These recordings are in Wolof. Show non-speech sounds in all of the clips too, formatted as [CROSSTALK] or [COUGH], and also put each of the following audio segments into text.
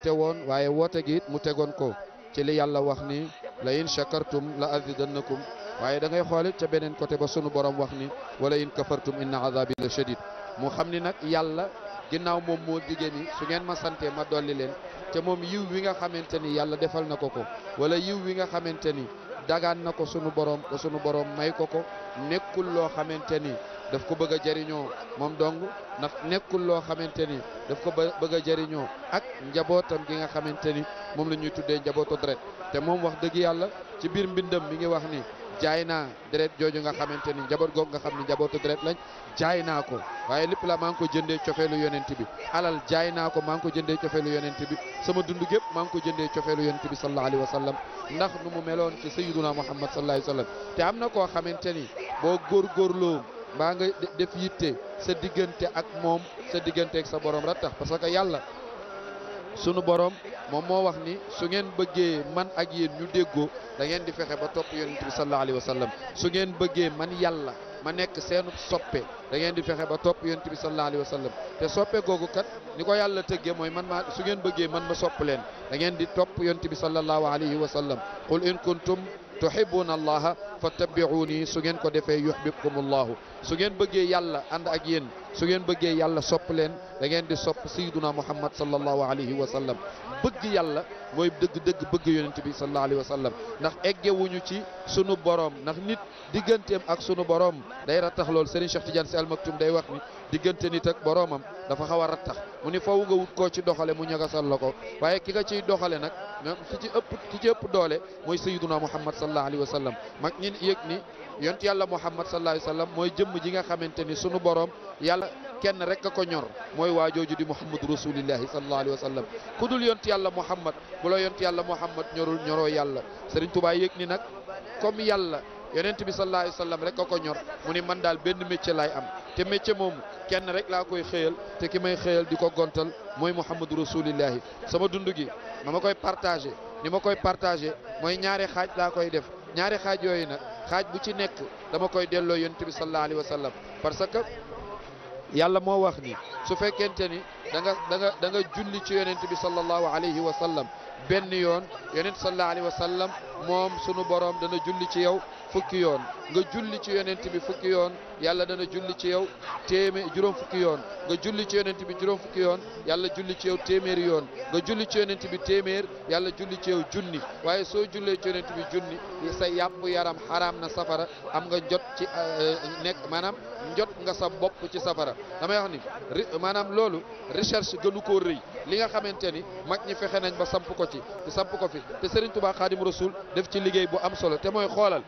te woon waaye woote gi mu tegoon ko ci li yàlla wax ni la in shakartum la azidannakum waaye da ngay xoole ca beneen côté ba sunu borom wax ni wala in kafartum inna azabi la shadid mu xam ni nag yàlla ginnaaw moom moo digée ni su ngeen ma santee ma dolli leen te moom yiw wi nga xamante ni yàlla defal na ko ko wala yiw wi nga xamante ni dagaan na ko sunu borom ba borom may ko ko nekkul loo xamante ni daf ko bëgg a jëriñoo moom dong ndax nekkul loo xamante ni daf ko bëgg a jëriñoo ak njabootam gi nga xamante ni moom la ñuy tuddee njabootu deret te moom wax dëgg yàlla ci biir mbindam mi ngi wax ni jaay naa deret jooju nga xamante ni njaboot googu nga xam ni njabootu deret lañ jaay naa ko waaye lépp laa maa ngi ko jëndee cofeelu yonent bi alal jaay naa ko maa ngi ko jëndee cofeelu yonent bi sama dund gépp maa ngi ko jëndee cofeelu yonent bi sallallahu alayhi wa sallam ndax nu mu meloon ci sayyiduna muhammad am na koo xamante ni boo mbaa nga def yitte sa diggante ak moom sa diggante ak sa borom rattax parce que yàlla sunu borom moom moo wax ni su ngeen bëggee man ak yéen ñu déggoo da ngeen di fexe ba topp yonent bi sallallahu alayhi sallam su ngeen bëggee man yàlla ma nekk seenu soppe da ngeen di fexe ba topp yonent bi sallallahu alayhi wa sallam te soppe googu kat ni ko yàlla tëggee mooy man ma su ngeen bëggee man ma sopp leen dangeen di topp yonent bi sallallahu alayhi wa sallam qul in kuntum tuhibbuna allaha fattabi'uni su ngeen ko defee yuhibbukum allahu su ngeen bëggee yàlla ànd ak yéen su ngeen bëggee yàlla sopp leen da ngeen di sopp sayyiduna muhammad sallallahu alayhi wa sallam bëgg yàlla mooy dëgg-dëgg bëgg yonent bi sallallahu alayhi wa sallam ndax eggewuñu ci sunu boroom ndax nit digganteem ak sunu boroom day rattax lool Serigne Cheikh Tidiane Sy Al Maktoum day wax ni diggante nit ak boroomam dafa xaw a rattax mu ni faw nga wut koo ci doxale mu ñagasal la ko waaye ki nga ciy doxale nag même ki ci ëpp ki doole mooy sayyiduna muhammad sallallahu alayhi wa sallam mag ñin yëg ni yonent jëmm ji nga xamante ni sunu borom yàlla kenn rek a ko ñor mooy waa jooju di muhammad rasulillahi sallallahu alayhi wa sallam ku dul yont yàlla muhammad bu la yont yàlla muhammad ñorul ñoroo yàlla Serigne Touba yëg ni nag comme yàlla yonent bi sallallahu alayhi wa sallam rek a ko ñor mu ni man daal benn métier laay am te métier moomu kenn rek laa koy xëyal te ki may xëyal di ko gontal mooy muhammad rasulillahi sama dund gi ma ma koy partagé ni ma koy partagé mooy ñaari xaaj laa koy def ñaari xaaj yooyu nag xaaj bu ci nekk dama koy delloo yonent bi sallallahu alayhi wa sallam parce que yàlla moo wax ni su fekkente ni da nga da da nga julli ci yonent bi sallallahu alayhi wa sallam benn yoon yonent sallallahu alayhi wa sallam moom sunu borom dana julli ci yow fukki yoon nga julli ci yonent bi fukki yoon yàlla dana julli ci yow téemé juróom fukki yoon nga julli ci yonent bi juróom fukki yoon yàlla julli ci yow téeméeri yoon nga julli ci yonent bi téeméer yàlla julli ci yow junni waaye soo jullee ci yonent bi junni sa yàpp yaram xaraam na safara am nga jot ci euh, nekk maanaam njot nga sa bopp ci safara damay wax ni maanaam loolu recherche gënu ko rëy li nga xamante ni mag ñi fexe nañ ba samp ko ci te ko fi te Serigne Touba Khadim Rasoul def ci liggéey bu am solo te mooy xoolal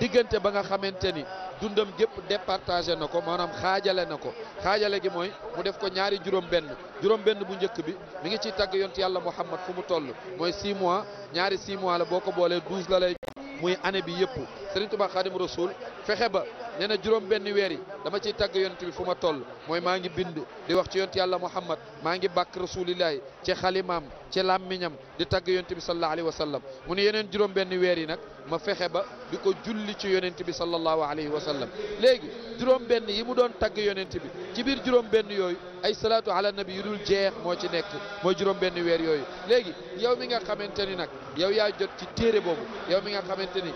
diggante ba nga xamante ni dundam gépp départagé na ko maanaam xaajale na ko xaajale gi mooy mu def ko ñaari juróom-benn juróom-benn bu njëkk bi mu ngi ciy tàgg yonti yàlla Muhammad fu mu toll mooy 6 mois ñaari 6 mois la boo ko boolee douze la lay muy année bi yëpp. Serigne Touba Khadim Rasoul fexe ba nee na juróom benn weer yi dama ciy tàgg yonent bi fu ma toll mooy maa ngi bind di wax ci yonent yàlla Muhammad maa ngi bàkk rasulillahi ci xalimaam ci làmmiñam di tàgg yonent bi sallallahu alayhi wa sallam mu ne yeneen juróom benn weer yi nag ma fexe ba di ko julli ci yonent bi sallallahu alayhi wa sallam léegi juróom benn yi mu doon tàgg yonent bi ci biir juróom benn yooyu ay salaatu ala nabi yu dul jeex moo ci nekk mooy juróom benn weer yooyu léegi yow mi nga xamante ni nag yow yaa jot ci téere boobu yow mi nga xamante ni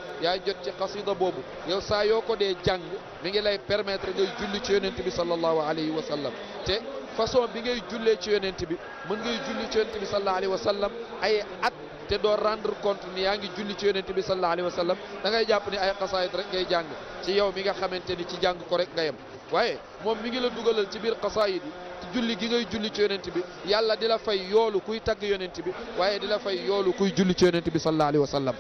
xasida boobu yow saa yoo ko dee jàng mi ngi lay permetre ngay julli ci yonent bi sallallahu alayhi wa sallam te façon bi ngay jullee ci yonent bi mën ngay julli ci yonent bi sallallahu alayhi wa sallam ay at te doo rendre compte ni yaa ngi julli ci yonent bi sallallahu alayhi wa sallam da ngay jàpp ni ay xasaayit rek ngay jàng ci yow mi nga xamante ni ci jàng ko rek nga yem waaye moom mi ngi la dugalal ci biir xasaayit yi julli gi ngay julli ci yonent bi yàlla di la fay yoolu kuy tagg yonent bi waaye di la fay yoolu kuy julli ci yonent bi sallallahu alayhi wa sallam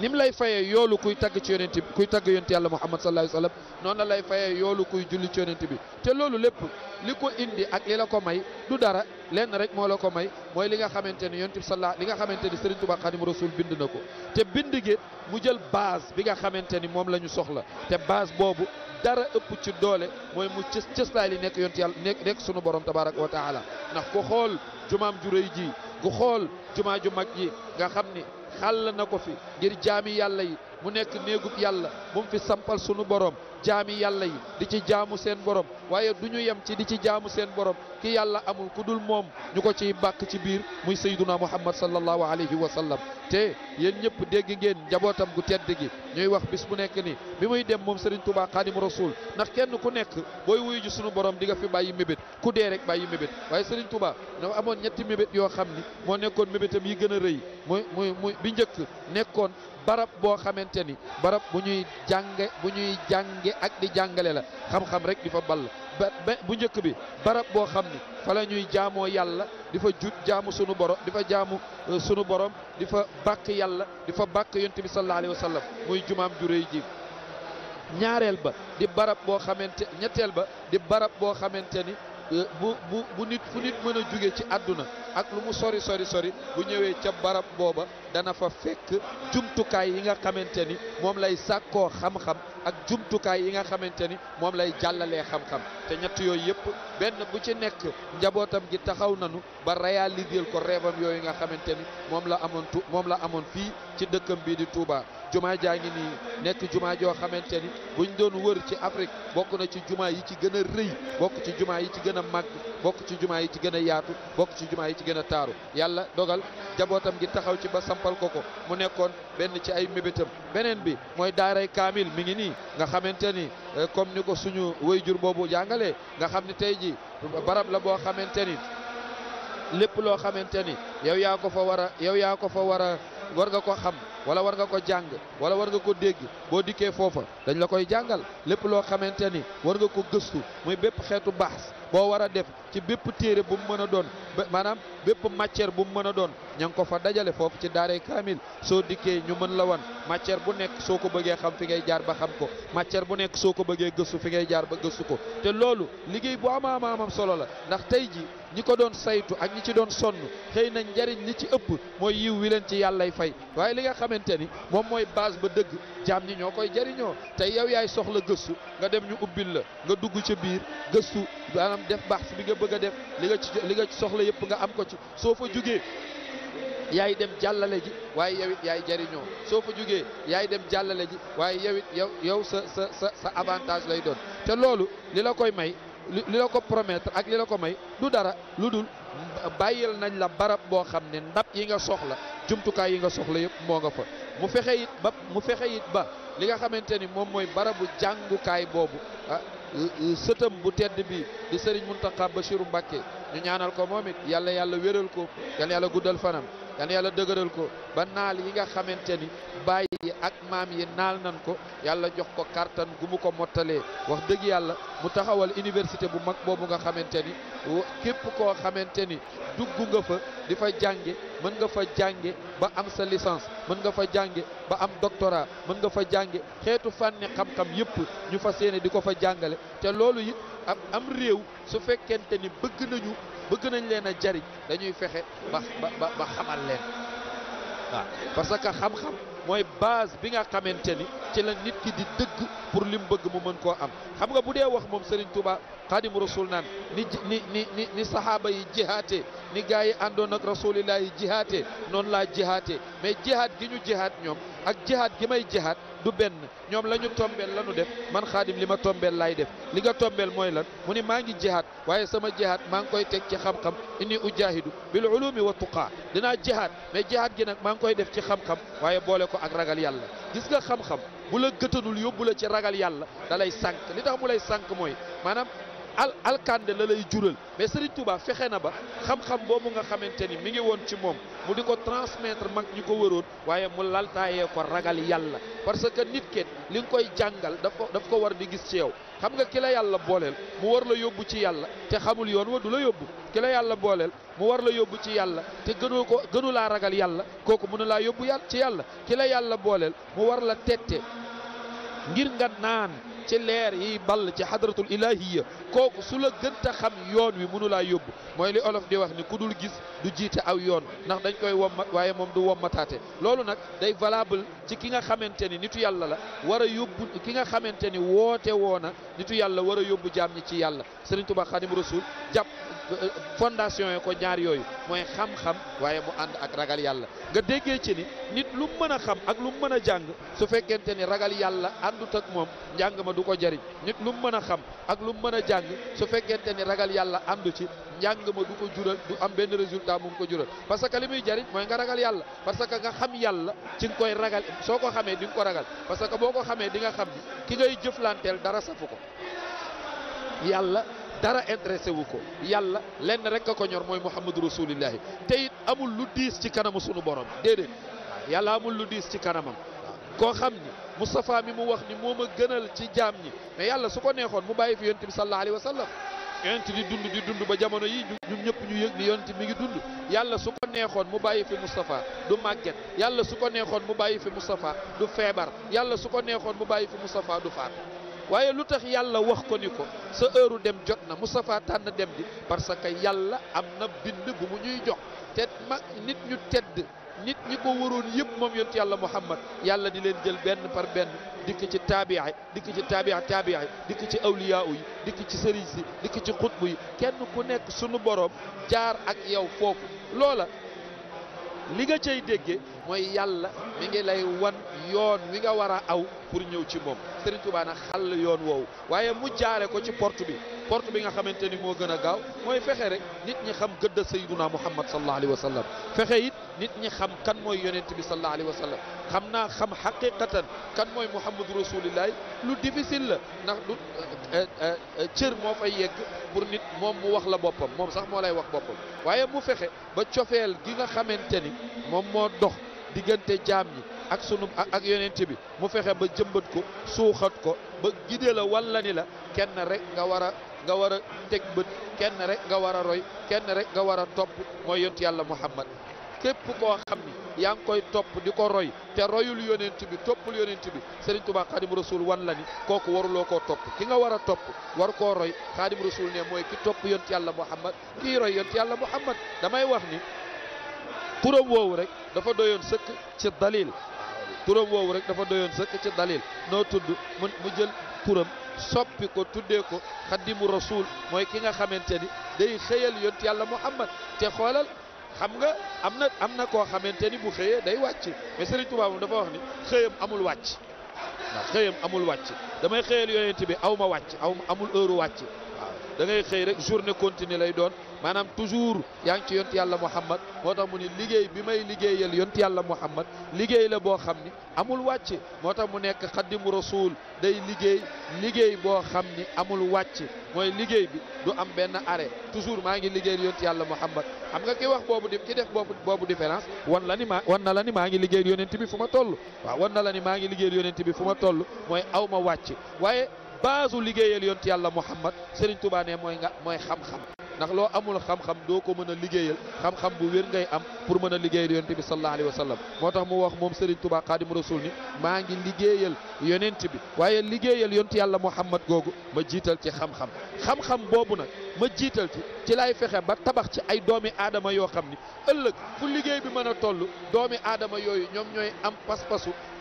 ni lay fayee yoolu kuy tagg ci yonent bi kuy tagg yonent yàlla muhammad sallallahu alayhi wa sallam noonu la lay fayee yoolu kuy julli ci yonent bi te loolu lépp li ko indi ak li la ko may du dara lenn rek moo la ko may mooy li nga xamante ne yonent bi sallallahu li nga xamante ni Serigne Touba Khadim Rasoul bind na ko te bind gi mu jël base bi nga xamante ni moom la ñu soxla te base boobu dara ëpp ci doole mooy mu cës cëslaay li nekk yonent yàlla nekk nekk sunu borom tabaraka wa taala ndax ku xool jumaam ju ji ku xool jumaa ju mag ji nga xam ni xàll na ko fi ngir jaami yàlla yi mu nekk néegub yàlla mu fi sampal sunu borom jaami yàlla yi di ci jaamu seen borom waaye du ñu yem ci di ci jaamu seen borom ki yàlla amul ku dul moom ñu ko ciy bàkk ci biir muy sayduna muhammad sallallahu alayhi wa sallam te yéen ñëpp dégg ngeen njabootam gu tedd gi ñuy wax bis bu nekk ni bi muy dem moom Serigne Touba Xaadimu Rasuul ndax kenn ku nekk booy wuyu ji sunu borom di nga fi bàyyi mébét ku dee rek bàyyi mébét waaye Serigne Touba dafa amoon ñetti mébét yoo xam ni moo nekkoon mébétam yi gën a rëy muy muy muy bi njëkk nekkoon barab boo xamante ni barab bu ñuy jànge bu ak di jàngale la xam-xam rek di fa ball bu njëkk bi barab boo xam ni fa la ñuy jaamoo yàlla di fa jut jaamu sunu borom di fa jaamu euh, sunu borom di fa bàkk yàlla di fa bàkk yonent bi sallallahu alayhi wa sallam muy jumaam ju réy ñaareel ba di barab boo xamante ñetteel ba di barab boo xamante ni euh, bu bu bu nit fu nit mën a jóge ci àdduna ak lu mu sori sori sori bu ñëwee ca barab booba dana fa fekk jumtukaay yi nga xamante ni moom lay sàkkoo xam-xam ak jumtukaay yi nga xamante ni moom lay jàllalee xam-xam te ñett yooyu yëpp benn bu ci nekk njabootam gi taxaw nanu ba réaliser ko reebam yooyu nga xamante ni moom la amoon moom la amoon fii ci dëkkam bii di tuubaa jumaa jaa ngi nii nekk jumaa joo xamante ni buñ doon wër ci Afrique bokk na ci jumaa yi ci gën a rëy bokk ci jumaa yi ci gën a màgg bokk ci jumaa yi ci gën a yaatu bokk ci jumaa yi ci gën a taaru yàlla dogal jabootam gi taxaw ci ba sampal ko ko benn ci ay mébétam beneen bi mooy daaray kaamil mi ngi nii nga xamante ni euh, comme ni ko suñu wayjur boobu jàngalee nga xam ni tey ji barab la boo xamante ni lépp loo xamante ni yow yaa ko fa war a yow yaa ko fa war a war nga ko xam wala war nga ko jàng wala war nga ko dégg boo dikkee foofa dañ la koy jàngal lépp loo xamante ni war nga ko gëstu muy bépp xeetu baax boo war a def ci bépp téere bu mu mën a doon maanaam bépp matière bu mu mën a doon ña ngi ko fa dajale foofu ci daaree kaamil soo dikkee ñu mën la wan matière bu nekk soo ko bëggee xam fi ngay jaar ba xam ko matière bu nekk soo ko bëggee gëstu fi ngay jaar ba gëstu ko te loolu liggéey bu ama ama la ndax tey ñi ko doon saytu ak ñi ci doon sonn xëy na njariñ li ci ëpp mooy yiw wi leen ci yàllay fay waaye li nga xamante ni moom mooy base ba dëgg jaam ñi ñoo koy jariñoo tey yow yaay soxla gëstu nga dem ñu ubbil la nga dugg ci biir gëstu maanaam def baax bi nga bëgg a def li nga ci li nga soxla yëpp nga am ko ci soo fa jógee yaay dem jàllale ji waaye yow it yaay jariñoo soo fa jugee yaay dem jàllale ji waaye yow yow yow sa sa sa sa avantage lay doon te loolu li la koy may li la ko promettre ak li la ko may du dara lu dul bàyyil nañ la barab boo xam ne ndap yi nga soxla jumtukaay yi nga soxla yëpp moo nga fa mu fexe it ba mu fexe ba li nga xamante ni moom mooy barabu jàngukaay boobu ah sëtam bu tedd bi di Serigne Mountakha Bachirou Mbacké ñu ñaanal ko moom it yàlla yàlla wéral ko yàlla yàlla guddal fanam yal na yàlla dëgëral ko ba naal yi nga xamante ni baay ak maam yi naal nan ko yàlla jox ko kartan gu mu ko mottalee wax dëgg yàlla mu taxawal université bu mag boobu nga xamante ni képp koo xamante ni dugg nga fa di fa jànge mën nga fa jànge ba am sa licence mën nga fa jànge ba am doctorat mën nga fa jànge xeetu fànni xam-xam yëpp ñu fa yéene di ko fa jàngale te loolu it am am réew su fekkente ni bëgg nañu bëgg nañ leen a jariñ dañuy fexe ba ba ba xamal leen waaw parce que xam-xam mooy base bi nga xamante ni ci la nit ki di dëgg pour li mu bëgg mu mën koo am xam nga bu dee wax moom Serigne Touba Xaadimu Rasul naan ni ni ni ni ni saxaaba yi jihaatee ni gars yi àndoon ak rasulillah yi jihaatee noonu laa jihaatee mais jihaat gi ñu jihaat ñoom ak jihaat gi may jihaat du benn ñoom la ñu tombeel la ñu def man xaadim li ma tombeel laay def li nga tombeel mooy lan mu ni maa ngi jihaad waaye sama jihaad maa ngi koy teg ci xam-xam inni ujaahidu bil ulumi wa tuqaa dinaa jihaad mais jihaad gi nag maa ngi koy def ci xam-xam waaye boole ko ak ragal yàlla gis nga xam-xam bu la gëtanul yóbbu la ci ragal yàlla da lay sànq li tax mu lay sànq mooy maanaam al alkande la lay jural mais Serigne Touba fexe na ba xam-xam boobu nga xamante ni mi ngi woon ci moom mu di ko transmettre mag ñi ko waroon waaye mu laltaayee ko ragal yàlla parce que nit kenn li nga koy jàngal daf ko daf ko war di gis ci yow xam nga ki yàlla booleel mu war la yóbbu ci yàlla te xamul yoon wa du la yóbbu ki yàlla booleel mu war la yóbbu ci yàlla te gënu ko gënu laa ragal yàlla kooku mënu laa yóbbu yàlla ci yàlla ki yàlla booleel mu war la tette nga naan. ci leer yiy bal ci xadratul ilahiya kooku su la gën gënta xam yoon wi mënulaa laa yóbbu mooy li olof di wax ni ku dul gis du jiite aw yoon ndax dañ koy womma waaye moom du wommataate loolu nag day valable ci ki nga xamante ni nitu yàlla la war a yóbbu ki nga xamante ni woote woona nitu yàlla war a yóbbu jaam ñi ci yàlla Serigne Touba Khadim Rasoul jàpp fondation yi ko ñaar yooyu mooy xam-xam waaye mu ànd ak ragal yàlla nga déggee ci ni nit lu mën a xam ak lu mën a jàng su fekkente ni ragal yàlla àndut ak moom njàng ma du ko jariñ nit lu mën a xam ak lu mën a jàng su fekkente ni ragal yàlla àndu ci njàng ma du ko jural du am benn résultat mu ngi ko jural parce que li muy jariñ mooy nga ragal yàlla parce que nga xam yàlla ci nga koy ragal soo ko xamee di nga ko ragal parce que boo ko xamee di nga xam ni ki ngay jëflanteel dara safu ko yàlla dara intéressé wu ko yàlla lenn rek a ko ñor mooy muhammadu rasulillahi te it amul lu diis ci kanamu sunu borom déedéet yàlla amul lu diis ci kanamam koo xam ni Moustapha mi mu wax ni moo ma gënal ci jaam ñi mais yàlla su ko neexoon mu bàyyi fi yonent bi sallallahu alayhi wa sallam yonent di dund di dund ba jamono yi ñun ñëpp ñu yëg ni yonent mi ngi dund yàlla su ko neexoon mu bàyyi fi Moustapha du màgget yàlla su ko neexoon mu bàyyi fi Moustapha du feebar yàlla su ko neexoon mu bàyyi fi Moustapha du faat waaye lu tax yàlla wax ko ni ko sa heure dem jot na Moustapha tànn dem di parce que yàlla am na bind bu mu ñuy jox te mag nit ñu tedd nit ñi ko waroon yëpp moom yonent yàlla Muhammad yàlla di leen jël benn par benn dikk ci taabiya dikk ci taabiya taabiya dikk ci awliyaaw yi dikk ci sëriñ si dikk ci xutbu yi kenn ku nekk sunu boroom jaar ak yow foofu loola li nga cay déggee mooy yàlla mi ngi lay wan yoon wi nga war a aw pour ñëw ci moom Serigne Touba nag xàll yoon woowu waaye mu jaare ko ci porte bi port bi nga xamante ni moo gën a gaaw mooy fexe rek nit ñi xam gëdd sayyiduna Muhammad sallallahu alayhi wa sallam fexe it nit ñi xam kan mooy yonent bi sallallahu alayhi wa sallam xam naa xam xaqiqatan kan mooy Muhammadu rasulillahi lu difficile la ndax du eh, eh, eh, cër moo fay yegg pour nit moom mu wax la boppam moom sax moo lay wax boppam waaye mu fexe ba cofeel gi nga xamante ni moom moo dox diggante jaam yi ak sunu ak yonent bi mu fexe ba jëmbat ko suuxat ko ba gide la walla ni la kenn rek nga war a nga war a teg bët kenn rek nga war a roy kenn rek nga war a topp mooy yont yàlla muhammad képp koo xam ni yaa ngi koy topp di ko roy te royul yonent bi toppul yonent bi Serigne Touba Xaadim Rasul wan la ni kooku waruloo ko topp ki nga war a topp war ko roy Xaadim Rasul ne mooy ki topp yont yàlla muhammad kii roy yont yàlla muhammad damay wax ni turam woowu rek dafa doyoon sëkk ci dalil turam woowu rek dafa doyoon sëkk ci dalil noo tudd mu mu jël turam soppi ko tuddee ko xaddimu rasul mooy ki nga xamante ni day xëyal yont yàlla muhammad te xoolal xam nga am na am na koo xamante ni bu xëyee day wàcc mais Serigne Touba dafa wax ni xëyam amul wàcc waaw xëyam amul wàcc damay xëyal yonent bi aw ma wàcc aw amul heure wàcc da ngay xëy rek journée continue lay doon maanaam toujours yaa ngi ci yont yàlla muhammad moo tax mu ni liggéey bi may liggéeyal yont yàlla muhammad liggéey la boo xam ni amul wàcc moo tax mu nekk xaddimu rasul day liggéey liggéey boo xam ni amul wàcce mooy liggéey bi du am benn arrêt toujours maa ngi liggéeyal yont yàlla muhammad xam nga ki wax boobu di ki def boobu boobu différence wan la ni maa wan na la ni maa ngi liggéeyal yonent bi fu ma toll waaw wan na la ni maa ngi liggéeyal yonent bi fu ma toll mooy aw ma wàcce waaye baasu liggéeyal yonti yàlla Muhammad Serigne Touba ne mooy nga mooy xam-xam ndax loo amul xam-xam doo ko mën a liggéeyal xam-xam bu wér ngay am pour mën a liggéeyal yonent bi sallallahu alayhi wa sallam moo tax mu wax moom Serigne Touba Xaadimu Rasuul ni maa ngi liggéeyal yonent bi waaye liggéeyal yonti yàlla Muhammad googu ma jiital ci xam-xam xam-xam boobu nag ma jiital ci ci lay fexe ba tabax ci ay doomi aadama yoo xam ni ëllëg fu liggéey bi mën a toll doomi aadama yooyu ñoom ñooy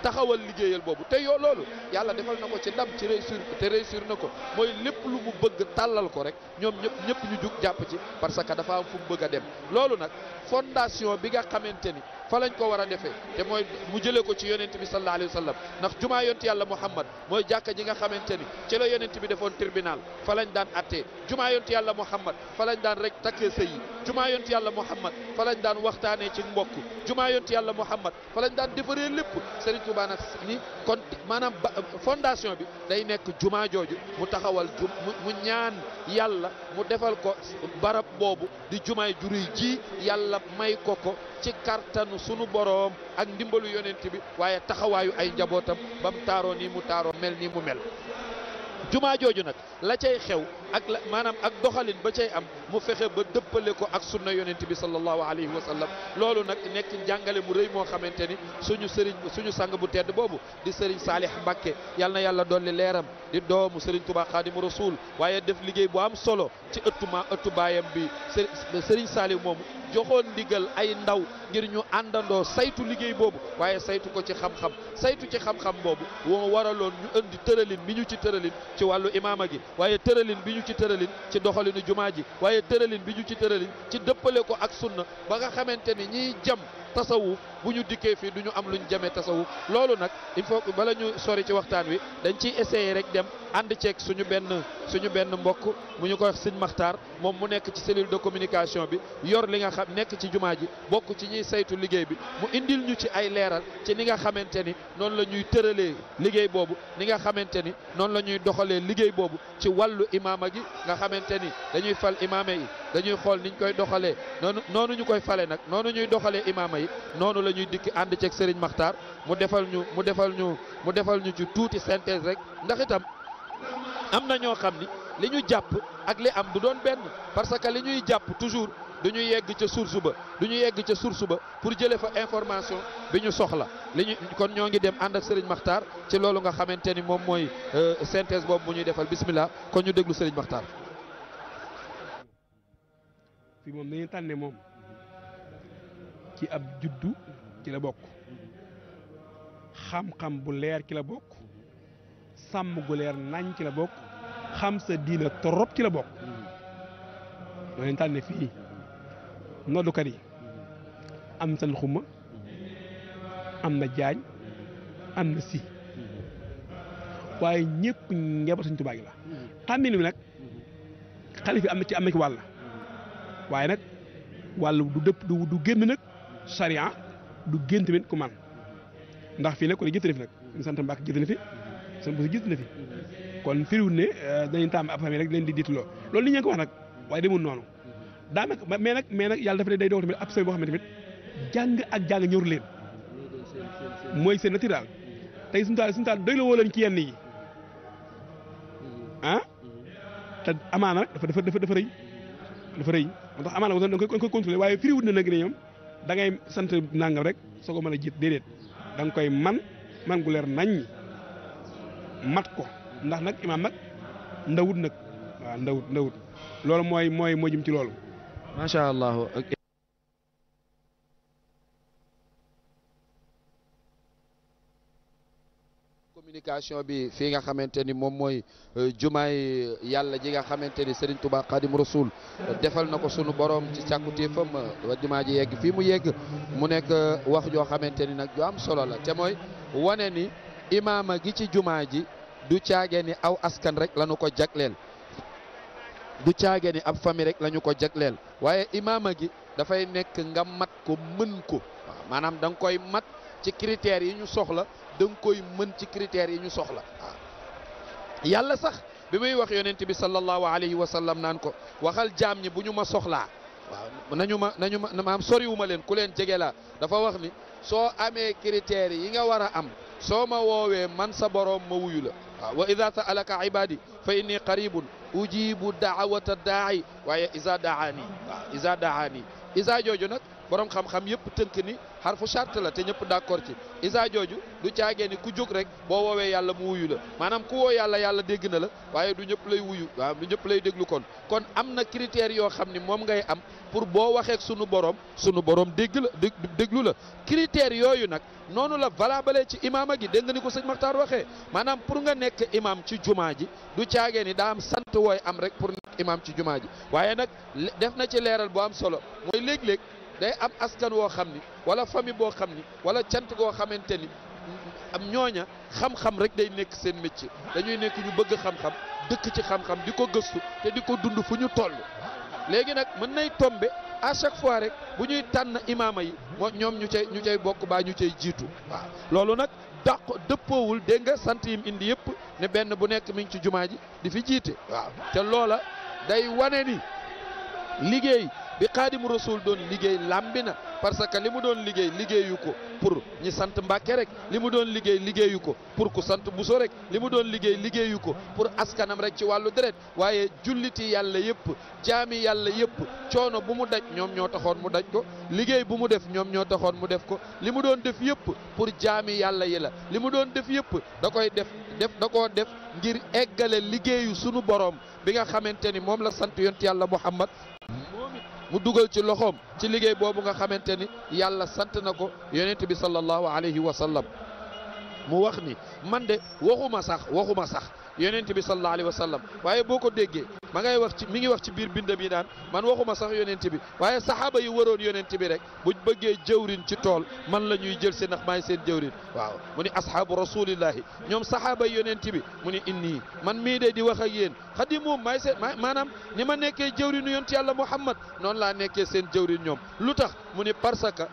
taxawal liggéeyal boobu tey yoo loolu yàlla defal na ko ci ndab ci réussir te réussir na ko mooy lépp lu mu bëgg tàllal ko rek ñoom ñëpp ñëpp ñu jug jàpp ci parce que dafa am fu mu bëgg a dem loolu nag fondation bi nga xamante ni fa lañ ko war a defee te mooy mu jëlee ko ci yonent bi sallallahu alayhi wa sallam ndax jumaa yonent yàlla Muhammad mooy jàkka ji nga xamante ni ci la yonent bi defoon tribunal fa lañ daan attee jumaa yonent yàlla Muhammad fa lañ daan rek takkee sëy yi jumaa yonent yàlla Muhammad fa lañ daan waxtaanee ci mbokk jumaa yonent yàlla Muhammad fa lañ daan defaree lépp Serigne Touba nag ni kon maanaam fondation bi day nekk jumaa jooju mu taxawal ju mu ñaan yàlla mu defal ko barab boobu di jumaay juri ji yàlla may ko ko ci kartanu sunu boroom ak ndimbalu yonent bi waaye taxawaayu ay njabootam ba taaro taaroo nii mu taaroo mel nii mu mel jumaa jooju nag la cay xew ak la maanaam ak doxalin ba cay am mu fexe ba dëppale ko ak sunna yonent bi sallallahu alayhi wa sallam loolu nag nekk njàngale mu rëy moo xamante ni suñu sëriñ suñu sang bu tedd boobu di sëriñ Saalih Mbàkke yal na yàlla dolli leeram di doomu sëriñ Tuubaa Xaadimu Rasuul waaye def liggéey bu am solo ci ëttu ma ëttu baayam bi sëriñ Saalih moomu joxoon ndigal ay ndaw ngir ñu àndandoo saytu liggéey boobu waaye saytu ko ci xam-xam saytu ci xam-xam boobu woo waraloon ñu indi tëralin bi ñu ci tëralin ci wàllu imaama gi waaye tëralin bi ñu ci tëralin ci doxalinu jumaa ji waaye tëralin bi ñu ci tëralin ci dëppale ko ak sunna ba nga xamante ni ñiy jam tasawuf bu ñu dikkee fii du ñu am lu ñu jamee tasawuf loolu nag il faut que bala ñu sori ci waxtaan wi dañ ciy essayer rek dem ànd ceeg suñu benn suñu benn mbokk mu ñu ko wax sëñ Maxtaar moom mu nekk ci cellule de communication bi yor li nga xam nekk ci jumaa ji bokk ci ñuy saytu liggéey bi mu indil ñu ci ay leeral ci ni nga xamante ni noonu la ñuy tëralee liggéey boobu ni nga xamante ni noonu la ñuy doxalee liggéey boobu ci wàllu imaama gi nga xamante ni dañuy fal imaama yi dañuy xool niñ koy doxalee noonu noonu ñu koy fale nag noonu ñuy doxalee imaama yi ñu dikk ànd ceeg Serigne Makhtar mu defal ñu mu defal ñu mu defal ci tuuti synthèse rek ndax am na ñoo xam ni li ñu jàpp ak li am du doon benn parce que li ñuy jàpp toujours du ñu yegg ca source ba du ñu yegg ca source ba pour jëlee fa information bi ñu soxla li ñu kon ñoo ngi dem ànd ak Serigne Makhtar ci loolu nga xamante ni moom mooy euh, synthèse boobu bu ñuy defal bismillah kon ñu déglu Serigne Makhtar. fii moom nañu tànne moom ci ab juddu ci la bokk xam-xam bu leer ci la bokk sàmm gu leer nañ ci la bokk xam sa diina trop ci la bokk ñoo leen tànne fii noddukat yi am san xuma am na jaañ am si waaye ñëpp njaboot Sëñ Tuubaa gi la tànnin bi nag xalifa am na ci am na ci wàll waaye nag wàll du dëpp du génn nag sariya du génn tamit ku man ndax fii nag ko ne fi nag ñu sant Mbàkke jëtt na fi sant Bousso jëtt na fi kon firiwul ne eh, dañuy taam ab famille rek leen di diitloo loolu li ñu ko wax nag waaye demul noonu daanaka mais nag mais nag yàlla dafa ne day dogal tamit ab sëy boo xam ne tamit jàng ak jàng ñor leen mooy seen naturel tey suñu taal suñu taal doy woo leen ci yenn yi ah te amaana nag dafa dafa dafa rëy dafa rëy moo tax amaana da koy contrôlé waaye firiwul ne nag ne ñoom da ngay sant nangam rek soo ko mën a jiit déedéet danga koy man man gu leer naññ mat ko ndax nag imaam nag ndawut nag waaw ndawut ndawut loolu mooy mooy moo jëm ci loolu macha allah félicitation bi fii nga xamante ni moom mooy euh, jumaay euh, yàlla ji nga xamante ni Serigne Touba Khadim Rasoul euh, defal na ko sunu boroom ci càkkutéefam wa jumaa ji yegg fii mu yegg mu nekk wax joo xamante ni nag ju am solo la te mooy wane ni imaama gi ci jumaa ji du caage ni aw askan rek lañu ko jagleel du caage ni ab famille rek lañu ko jagleel waaye imaama gi dafay nekk nga mat ko mën ko maanaam da koy mat ci critères yi ñu soxla da nga koy mën ci critères yi ñu soxla yàlla sax bi muy wax yonent bi sallallahu alayhi wa sallam naan ko waxal jaam ñi bu ñu ma soxlaa nañu ma nañu ma maam soriwu ma leen ku leen jege la dafa wax ni soo amee critères yi nga war a am soo ma woowee man sa boroom ma wuyu la waaw wa ida sa'alaka ibadi fa inni qaribun ujibu daawata daa'i waaye isa daani borom xam-xam yëpp tënk ni xarfu charte la te ñëpp d'accord ci isa jooju du caagee ni ku jóg rek boo woowee yàlla mu wuyu la maanaam ku woo yàlla yàlla dégg na la waaye du ñëpp lay wuyu waaw du ñëpp lay déglu kon kon am na critères yoo xam ni moom ngay am pour boo waxeek sunu boroom sunu boroom dégg la déglu la critères yooyu nag noonu la valable ci imaama gi dégg nga ni ko sëñ Maxtaar waxee maanaam pour nga nekk imaam ci jumaa ji du caagee ni daa am sant wooy am rek pour nekk ci jumaa ji waaye nag def na ci leeral bu am solo day am askan woo xam ni wala famille boo xam ni wala cent goo xamante ni am ñooña xam-xam rek day nekk seen métier dañuy nekk ñu bëgg xam-xam dëkk ci xam-xam di ko gëstu te di ko dund fu ñu toll léegi nag mën nay tombe à chaque fois rek bu ñuy tànn imaama yi moo ñoom ñu cay ñu cay bokk baa ñu cay jiitu waaw loolu nag dàq dëppoowul dégg nga sant yim indi yëpp ne benn bu nekk mi ngi ci jumaa ji di fi jiite waaw te loola day wane ni liggéey bi xaadim rasul doon liggéey làmbi na parce que li mu doon liggéey liggéeyu ko pour ñi sant Mbàkke rek li mu doon liggéey liggéeyu ko pour ku sant Buso rek li mu doon liggéey liggéeyu ko pour askanam rek ci wàllu deret waaye julliti yàlla yëpp jaami yàlla yëpp coono bu mu daj ñoom ñoo taxoon mu daj ko liggéey bu mu def ñoom ñoo taxoon mu def ko li mu doon def yëpp pour jaami yàlla yi la li mu doon def yëpp da koy def def da ko def ngir eggale liggéeyu sunu boroom bi nga xamante ni moom la sant yonent yàlla Muhammad mu dugal ci loxoom ci liggéey boobu nga xamante ni yàlla sant na ko yonent bi sallallahu alayhi wa sallam mu wax ni man de waxuma sax waxuma sax yonent bi sallallahu alayhi wa sallam waaye boo ko déggee ma ngay wax ci mi ngi wax ci biir bindam yi naan man waxuma sax yonent bi waaye saxaaba yi waroon yonent bi rek buñ bëggee jëwrin ci tool man la ñuy jël si ndax maay seen jëwrin waaw mu ni ashaabu rasulillahi ñoom saxaaba yi yonent bi mu ni innii man mii de di wax ak yéen xadimuum maay seen maanaam ni ma nekkee jëwrinu yonent yàlla muhammad noonu laa nekkee seen jëwrin ñoom lu tax mu ni parce que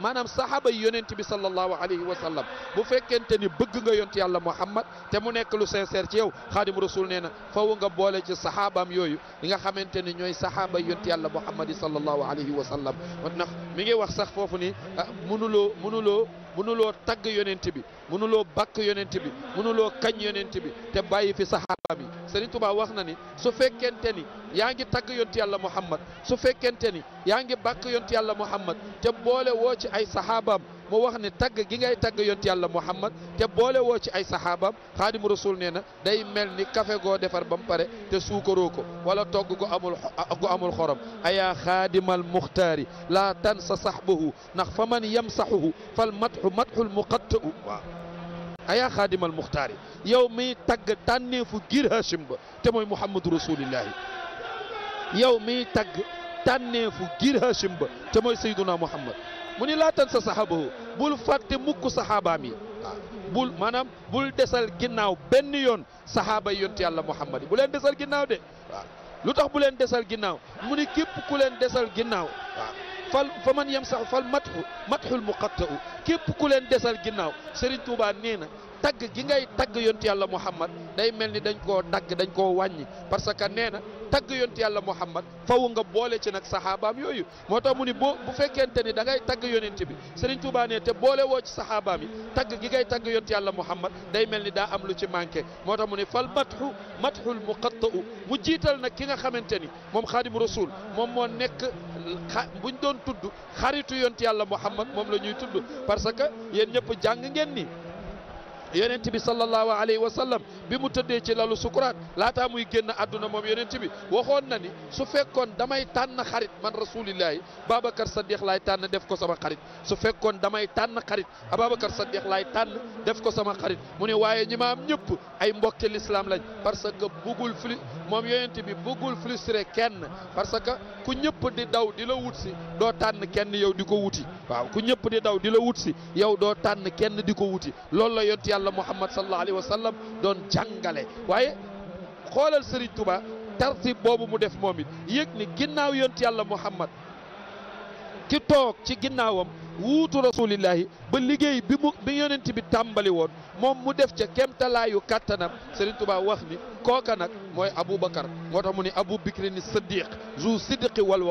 maanaam saxaaba yi sallallahu alayhi wa sallam bu fekkente ni bëgg nga yont yàlla muhammad te mu nekk lu sincère ci yow xaadim rasul nee faw nga boole ci saxaabaam yooyu nga xamante ni ñooy saxaaba yi yont yàlla muhammad sallallahu alayhi wa sallam ndax ngi wax sax foofu ni ah, mënuloo mënuloo mënuloo tagg yonent bi mënuloo bakk yonent bi mënuloo kañ yonent bi te bàyyi fi saxaaba bi Serigne Touba wax na ni su fekkente ni yaa ngi tagg yonent yàlla Muhammad su fekkente ni yaa ngi bakk yonent yàlla Muhammad te boole woo ci ay saxaabaam mu wax ne tagg gi ngay tagg yont yàlla muhammad te boole woo ci ay saxaabaam xaadimu rasul nee na day mel ni kafe goo defar ba mu pare te suukaroo ko wala togg gu amul ah, gu amul xorom ayaa xaadimal muxtaari laa tansa saxbahu ndax fa man yamsaxuhu fal matxu matxul muqatta'u waaw ayaa xaadimal muxtaari yow mi tagg tànneefu giir hachim ba te mooy muhammadu rasulillahi yow miy tagg tànneefu giir hachim ba te mooy sayduna muhammad mu ni laa tan sa saxaabahu bul fàtte mukk saxaabaam yi waaw bul maanaam bul desal ginnaaw benn yoon saxaaba yi ti yàlla Muhammad bu leen desal ginnaaw de lu tax bu leen desal ginnaaw mu ni képp ku leen desal ginnaaw waaw fal fa man yam sax fal matxu matxul muqatta u képp ku leen desal ginnaaw Serigne Touba nee na tagg gi ngay tagg yoon yonti yàlla Muhammad day mel ni dañ koo dagg dañ koo wàññi parce que nee na tagg yonti yàlla Muhammad faw nga boole ci nag saxaabaam yooyu moo tax mu ni boo bu fekkente ni dangay ngay tagg yonent bi Serigne Touba ne te boole woo ci saxaabaam yi tagg gi ngay tagg yonti yàlla Muhammad day mel ni daa am lu ci manqué moo tax mu ne fal matxu matxul muqatta'u mu jiital nag ki nga xamante ni moom xaadim rasul moom moo nekk buñ doon tudd xaritu yonti yàlla Muhammad moom la ñuy tudd parce que yéen ñëpp jàng ngeen ni yonent bi sallallahu alayhi wa sallam bi mu tëddee ci lalu sukuraat laata muy génn àdduna moom yonent bi waxoon na ni su fekkoon damay tànn xarit man rasulillahi Babacar Saddiq laay tànn def ko sama xarit su fekkoon damay tànn xarit Ababacar Saddiq laay tànn def ko sama xarit mu ne waaye ñi ma am ñëpp ay mbokki lislaam lañ parce que bëggul fli moom yonent bi bëggul frustré kenn parce que ku ñëpp di daw di la wut si doo tànn kenn yow di ko wuti waaw ku ñëpp di daw di la wut si yow doo tànn kenn di ko wuti loolu la yonent yàlla Muhammad sallallahu alayhi wa sallam doon jàngale waaye xoolal Serigne Touba tartib boobu mu def moom it yëg ni ginnaaw yonent yàlla Muhammad ki toog ci ginnaawam wuutu rasulillahi ba liggéey bi mu bi yonent bi tàmbali woon moom mu def ca kemtalaayu kàttanam Serigne Touba wax ni kooka nag mooy Aboubacar moo tax mu ni Abou Bikri ni Siddiq zu siddiqi wal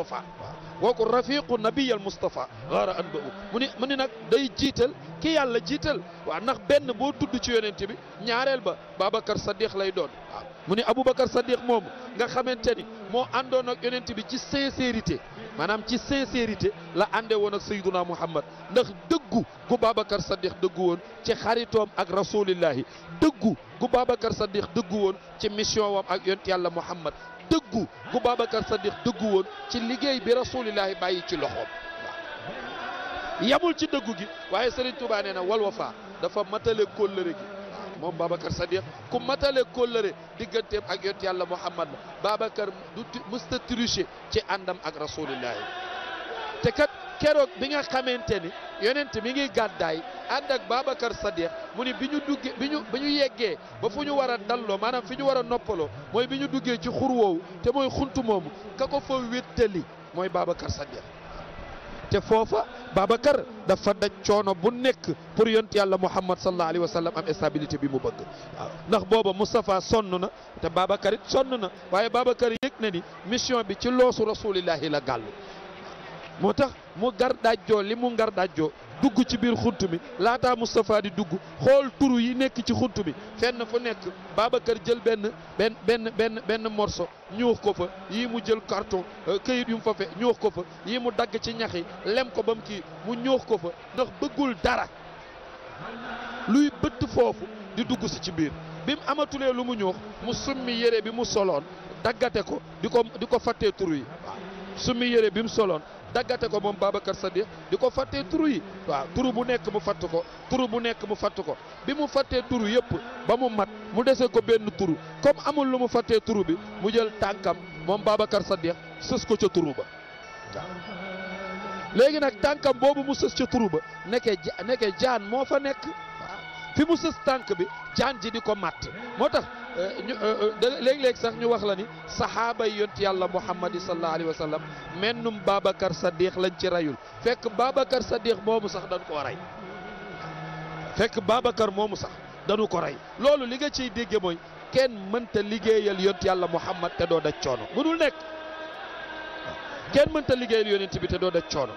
wooku rafiqu nabiy al Mustafa xaara an ba mu ni mu ni nag day jiital ki yàlla jiital waaw ndax benn boo tudd ci yonent bi ñaareel ba Babacar Saddiq lay doon waaw mu ni Aboubacar Saddiq moomu nga xamante ni moo àndoon ak yonent bi ci sincérité maanaam ci sincérité la àndee woon ak Sayyiduna Muhammad ndax dëggu gu Babacar Saddiq dëggu woon ci xaritoom ak rasulillahi dëggu gu Babacar Saddiq dëggu woon ci mission wam ak yonent yàlla Muhammad dëggu gu Babacar Sadiq dëggu woon ci liggéey bi rasulillahi bàyyi ci loxoom waaw yamul ci dëggu gi waaye Serigne Touba nee na wal wafa dafa matale kóllëre gi moom Babacar Sadiq ku matale kóllëre digganteem ak yot yàlla Muhammad la Babacar du ci àndam ak rasulillahi te kat keroog bi nga xamante ni yonent mi ngi gàddaay ànd ak Babacar Sadiq mu ni bi ñu duggee bi ñu bi yeggee ba fu ñu war a dalloo maanaam fi ñu war a noppaloo mooy bi ñu duggee ci xur woowu te mooy xuntu moomu ka ko fa wéttali mooy Babacar Sadiq te foofa Babacar dafa daj coono bu nekk pour yont yàlla Muhammad sallallahu alayhi wa sallam am stabilité bi mu bëgg ndax booba Moustapha sonn na te Babacar it sonn na waaye Babacar yëg na ni mission bi ci loosu rasulillahi la gàllu moo tax mu gar li mu ngar dajjoo dugg ci biir xunt bi laataa Moustapha di dugg xool turu yi nekk ci xunt bi fenn fu nekk Babacar jël benn benn benn benn benn morceau ñuux ko fa yi mu jël carton euh, këyit yu mu fa fe ñuux ko fa yi mu dagg ci ñax yi lem ko ba mu kii mu ñuux ko fa ndax bëggul dara luy bëtt foofu di dugg si ci biir bi mu amatulee lu mu ñuux mu summi yére bi mu soloon daggate ko di ko di ko fàttee turu yi summi yére bi mu soloon daggate ko moom Babacar Sadiq di ko fattee turu yi waaw turu bu nekk mu fatt ko turu bu nekk mu fatt ko bi mu fattee turu yëpp ba mu mat mu dese ko benn turu comme amul lu mu fàttee turu bi mu jël tànkam moom Babacar Sadiq sës ko ca turu ba léegi nag tànkam boobu mu sës ca turu ba nekkee ja nekkee jaan moo fa nekk fi mu sës tànk bi jaan ji di ko matt moo tax. ñu euh, euh, léeg-léeg sax ñu wax la ni saxaaba yi yont yàlla muhammadi sallallahu alayhi wa sallam mennum Babacar Saddiq lañ ci rayul fekk Babacar Saddiq moomu sax dañ ko rey fekk Babacar moomu sax dañu ko rey loolu li nga ciy dégge mooy kenn mënta liggéeyal yont yàlla muhammad te doo daj coono mënul nekk kenn mënta liggéeyal yonent bi te doo daj coono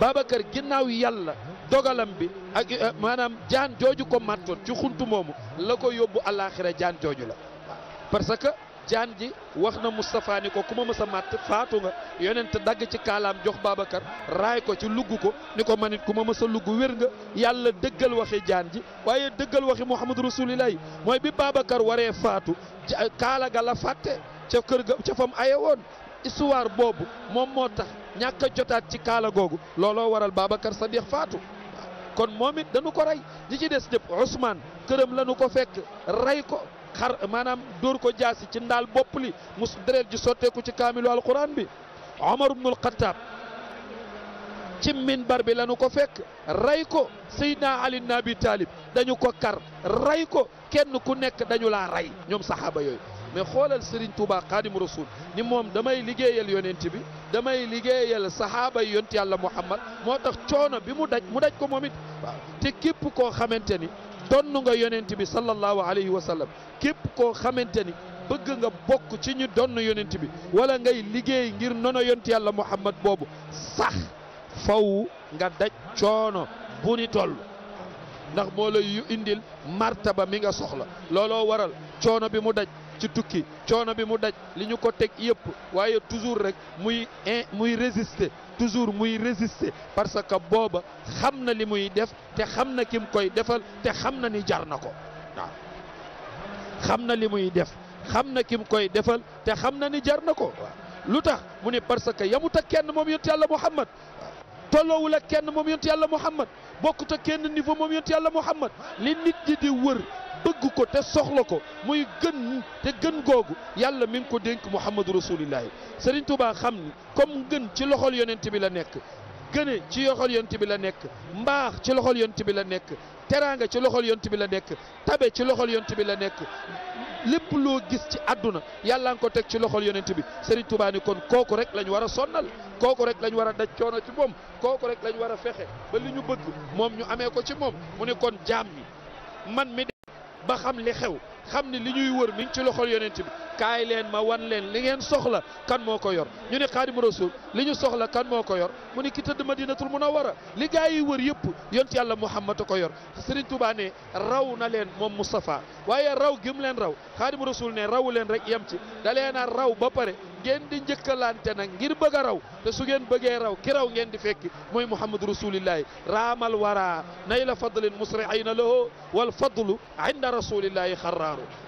Babacar ginnaaw yàlla dogalam bi ak eh, maanaam jaan jooju ko mattoon ci xuntu moomu la ko yóbbu àllaaxira jaan jooju la parce que jaan ji wax na Moustapha ni ko ku ma mës a màtt faatu nga yonent dagg ci kaalaam jox Babacar raay ko ci lugg ko ni ko manit ku ma mës a lugg wér nga yàlla dëggal waxi jaan ji waaye dëggal waxi Muhammadu Rasulillahi mooy bi Babacar waree faatu kaala ga la fàtte ca kër ga ca fam aye woon histoire boobu moom moo tax ñàkk jotaat ci kaala googu looloo waral Babacar Sadiq faatu kon moom it dañu ko rey ñi ci des ñëpp Ousmane këram lañu ko fekk rey ko xar maanaam dóor ko jaasi ci ndaal bopp li mu deret ji sotteeku ci kaamilu alquran bi Omar ibnul Xattaab ci minbar bi lañu ko fekk rey ko Seydina Ali ibn Abi Talib dañu ko kar rey ko kenn ku nekk dañu laa rey ñoom saxaaba yooyu mais xoolal Serigne Touba Xaadimu Rasul ni moom damay liggéeyal yonent bi damay liggéeyal saxaaba yont yonent yàlla Muhammad moo tax coono bi mu daj mu daj ko moom it waaw te képp koo xamante ni donn nga yonent bi sallallahu alayhi wa sallam képp koo xamante ni bëgg nga bokk ci ñu donn yonent bi wala ngay liggéey ngir nono yonent yàlla Muhammad boobu sax faw nga daj coono bu ni toll ndax moo lay yu indil martaba mi nga soxla looloo waral coono bi mu daj ci tukki coono bi mu daj li ñu ko teg yëpp waaye toujours rek muy muy résister toujours muy résister parce que booba xam na li muy def te xam na ki mu koy defal te xam na ni jar na ko xam na li muy def xam na ki mu koy defal te xam na ni jar na ko lu tax mu ne parce que yamut ak kenn moom yonent yàlla Muhammad tolloowul ak kenn moom yonent yàlla Muhammad bokkut ak kenn niveau moom yonent yàlla Muhammad li nit ñi di wër bëgg ko te soxla ko muy gën te gën googu yàlla mi ngi ko dénk muhammadu rasulillahi Serigne Touba xam ni comme gën ci loxol yonent bi la nekk gëne ci loxol yonent bi la nekk mbaax ci loxol yonent bi la nekk teraanga ci loxol yonent bi la nekk tabe ci loxol yonent bi la nekk lépp loo gis ci àdduna yàlla nga ko teg ci loxol yonent bi Serigne Touba ni kon kooku rek lañu ñu war a sonnal kooku rek lañu ñu a daj coono ci moom kooku rek la ñu war a fexe ba li ñu bëgg moom ñu amee ko ci moom ba xam li xew xam ni li ñuy wër mi ngi ci loxol yonent bi kaay leen ma wan leen li ngeen soxla kan moo ko yor ñu ne xaadim rasul li ñu soxla kan moo ko yor mu ne ki tëdd madinatul munawara li gaa yi wër yëpp yonent yàlla muhammad a ko yor Serigne Touba ne raw na leen moom Moustapha waaye raw gim leen raw xaadim rasul ne raw leen rek yem ci da leen a raw ba pare geen di te nag ngir bëgg raw te su ngeen bëggee raw ki raw ngeen di fekki mooy muhammadu rasulillahi raamal wara nay la fadlin musri ayna lahu wal fadlu inda rasulillahi xarra ndakaaru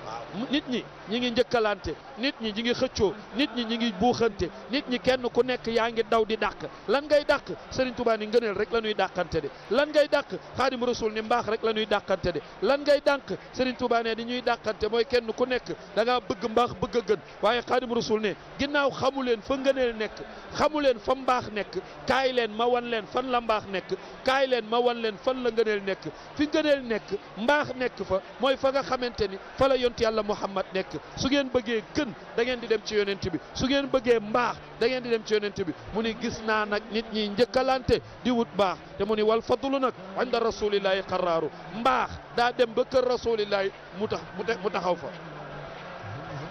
nit ñi ñi ngi njëkkalante nit ñi ñi ngi xëccoo nit ñi ñi ngi buuxante nit ñi kenn ku nekk yaa ngi daw di dàq lan ngay dàq Serigne Touba ni ngëneel rek la ñuy dàqante de lan ngay dàq Xaadim Rasul ni mbaax rek la ñuy dàqante de lan ngay dàq Serigne Touba ne di ñuy dàqante mooy kenn ku nekk danga bëgg mbaax bëgg a gën waaye Xaadim Rasul ne ginnaaw xamu leen fa ngëneel nekk xamu leen fa mbaax nekk kaay leen ma wan leen fan la mbaax nekk kaay leen ma wan leen fan la ngëneel nekk fi ngëneel nekk mbaax nekk fa mooy yonent yàlla Muhammad nekk su ngeen bëggee gën da ngeen di dem ci yonent bi su ngeen bëggee mbaax da ngeen di dem ci yonent bi mu ni gis naa nag nit ñi njëkkalante di wut baax te mu ni wal fadlu nag inda rasulillahi xaraaru mbaax daa dem ba kër rasulillahi mu tax mu taxaw fa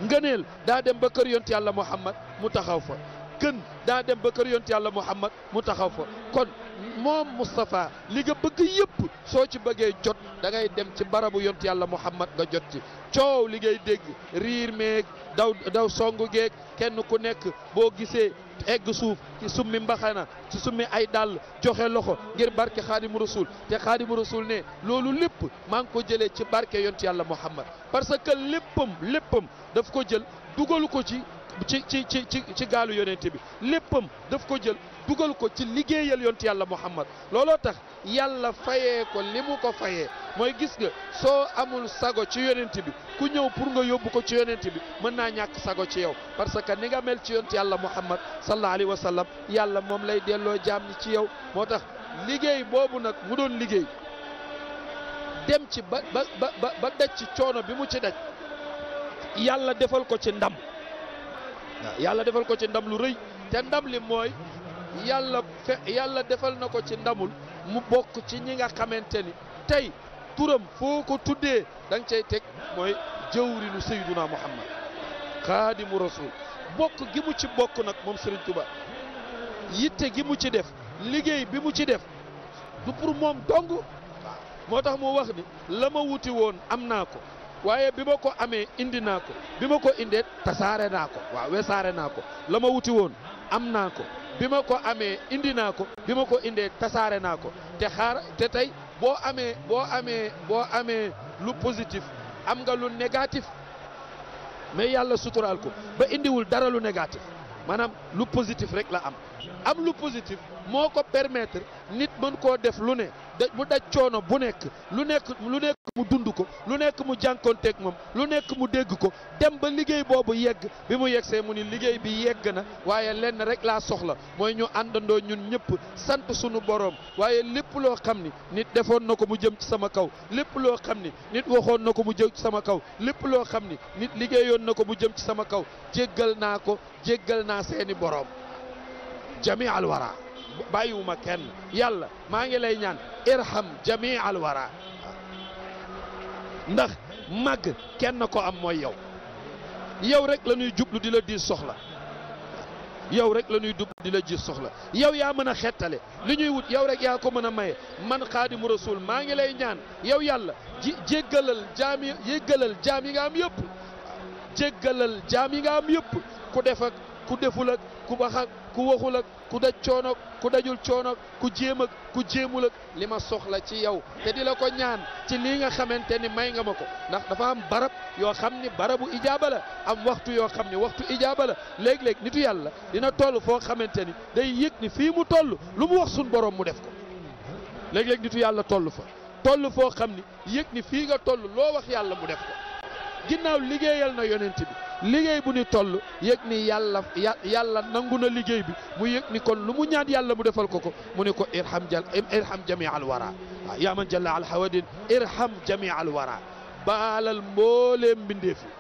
ngëneel daa dem ba kër yonent yàlla Muhammad mu taxaw fa gën daa dem ba kër yonent yàlla Muhammad mu taxaw fa kon moom Moustapha li nga bëgg yépp soo ci bëggee jot da ngay dem ci barabu yonent yàlla Muhammad nga jot ci coow liggéey dégg riir meeg daw daw songu geeg kenn ku nekk boo gisee egg suuf ci summi mbaxana ci summi ay dàll joxe loxo ngir barke xaadimu rasul te xaadimu rasul ne loolu lépp maa ngi ko jëlee ci barke yonent yàlla Muhammad parce que léppam léppam daf ko jël dugal ko ci ci ci ci ci ci gaalu yonente bi léppam daf ko jël dugal ko ci liggéeyal yonent yàlla Muhammad looloo tax yàlla fayee ko li mu ko fayee mooy gis nga soo amul sago ci yonent bi ku ñëw pour nga yóbbu ko ci yonent bi mën naa ñàkk sago ci yow parce que ni nga mel ci yonent yàlla Muhammad sallallahu alayhi wa sallam yàlla moom lay delloo jaam ni ci yow moo tax liggéey boobu nag mu doon liggéey dem ci ba ba ba ba daj ci coono bi mu ci daj yàlla defal ko ci ndam yàlla defal ko ci ndam lu rëy te ndam li mooy yàlla fe yàlla defal na ko ci ndamul mu bokk ci ñi nga xamante ni tey turam foo ko tuddee da nga cay teg mooy jëwrinu sayyiduna muhammad xaadimu rasul bokk gi mu ci bokk nag moom Serigne Touba yitte gi mu ci def liggéey bi mu ci def du pour moom dong moo tax mu wax ni la ma wuti woon am naa ko waaye bi ma ko amee indi naa ko bi ma ko indee tasaare naa ko waaw wesaare naa ko la ma wuti woon am naa ko bi ma ko amee indi naa ko bi ma ko indee tasaare naa ko te xaar te tey boo amee boo amee boo amee lu positif am nga lu négatif mais yàlla sutural ko ba indiwul dara lu négatif maanaam lu positif rek la am am lu positif moo ko permettre nit mën koo def lu ne da mu daj coono bu nekk lu nekk lu nekk mu dund ko lu nekk mu jànkoonteeg moom lu nekk mu dégg ko dem ba liggéey boobu yegg bi mu yeggsee mu ni liggéey bi yegg na waaye lenn rek laa soxla mooy ñu àndandoo ñun ñëpp sant sunu boroom waaye lépp loo xam ni nit defoon na ko mu jëm ci sama kaw lépp loo xam ni nit waxoon na ko mu jëm ci sama kaw lépp loo xam ni nit liggéeyoon na ko mu jëm ci sama kaw jéggal naa ko jéggal naa seeni boroom jami alwara bàyyiwuma kenn yàlla maa ngi lay ñaan irham jamii al wara ndax màgg kenn ko am mooy yow yow rek la ñuy jublu di la di soxla yow rek la ñuy jublu di la di soxla yow yaa mën a xettale li ñuy wut yow rek yaa ko mën a maye man xaadimu rasul maa ngi lay ñaan yow yàlla ji jéggalal jaam yi yi nga am yëpp jéggalal jaam yi nga am yëpp ku def ku deful ak ku bax ak ku waxul ak ku daj coonoog ku dajul coonoog ku jéem ak ku jéemul li ma soxla ci yow te di la ko ñaan ci lii nga xamante ni may nga ma ko ndax dafa am barab yoo xam ni barabu ijaaba am waxtu yoo xam ni waxtu ijaaba la léeg nitu yàlla dina toll foo xamante ni day yëg ni fii mu toll lu wax suñ borom mu def ko nitu yàlla toll fa toll foo xam ni yëg ni fii nga toll loo wax yàlla mu def ko ginnaaw liggéeyal na yonent liggéey bu ni toll yëg ni yàlla yàlla nangu na liggéey bi mu yëg ni kon lu mu ñaan yàlla mu defal ko ko mu ne ko irham jal irham jamia alwara yaa man jalla al hawadin irham jamia alwara baalal mbooleem mbindeef yi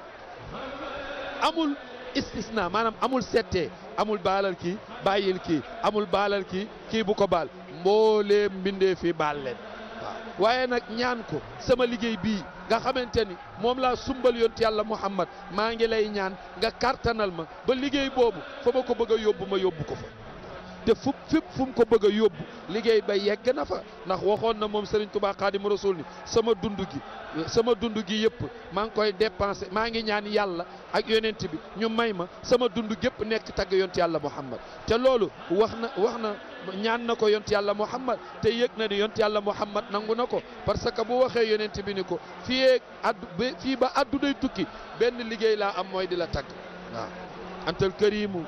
amul istisna maanaam amul settee amul baalal kii bàyyil kii amul baalal ki kii bu ko baal mbooleem mbindeef yi baal leen waaye nag ñaan ko sama liggéey bii nga xamante ni moom laa sumbal yonti yàlla Muhammad maa ngi lay ñaan nga kartanal ma ba liggéey boobu fa ma ko bëgg a yóbbu ma yóbbu ko fa te fu fépp fu mu ko bëgg yóbbu liggéey ba yegg na fa ndax waxoon na moom Serigne Touba Xaadimu Rasuul ni sama dund gi sama dund gi yëpp maa ngi koy dépensé maa ngi ñaan yàlla ak yonent bi ñu may ma sama dund gépp nekk tagg yonti yàlla Muhammad te loolu wax na wax na ñaan na ko yont yàlla Muhammad te yëg na ni yont yàlla Muhammad nangu na ko parce que bu waxee yonent bi ni ko fii addu fii ba addunay tukki benn liggéey laa am mooy di la tagg waaw antal karimu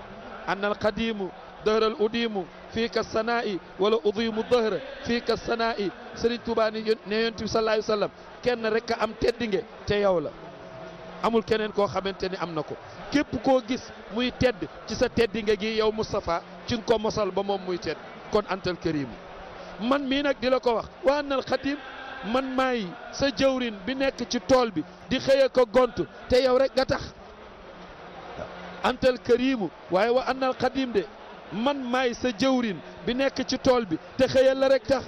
annal qadimu dëhëral udimu fii ka sanaa'i wala udimu dëhër fii ka sanaa'i Sëriñ Tuubaa ni ne yonent bi sallallahu alayhi wa sallam kenn rek am teddinge te yow la amul kenen koo xamante ni am na ko képp koo gis muy tedd ci sa teddinge gi yow Moustapha ci ko mosal ba moom muy seet kon antal karim man mii nag di la ko wax wa annal xatim man maay sa jëwrin bi nekk ci tool bi di xëye ko gont te yow rek nga tax antal karimu waaye wa annal xadim de man maay sa jëwrin bi nekk ci tool bi te xëyal la rek tax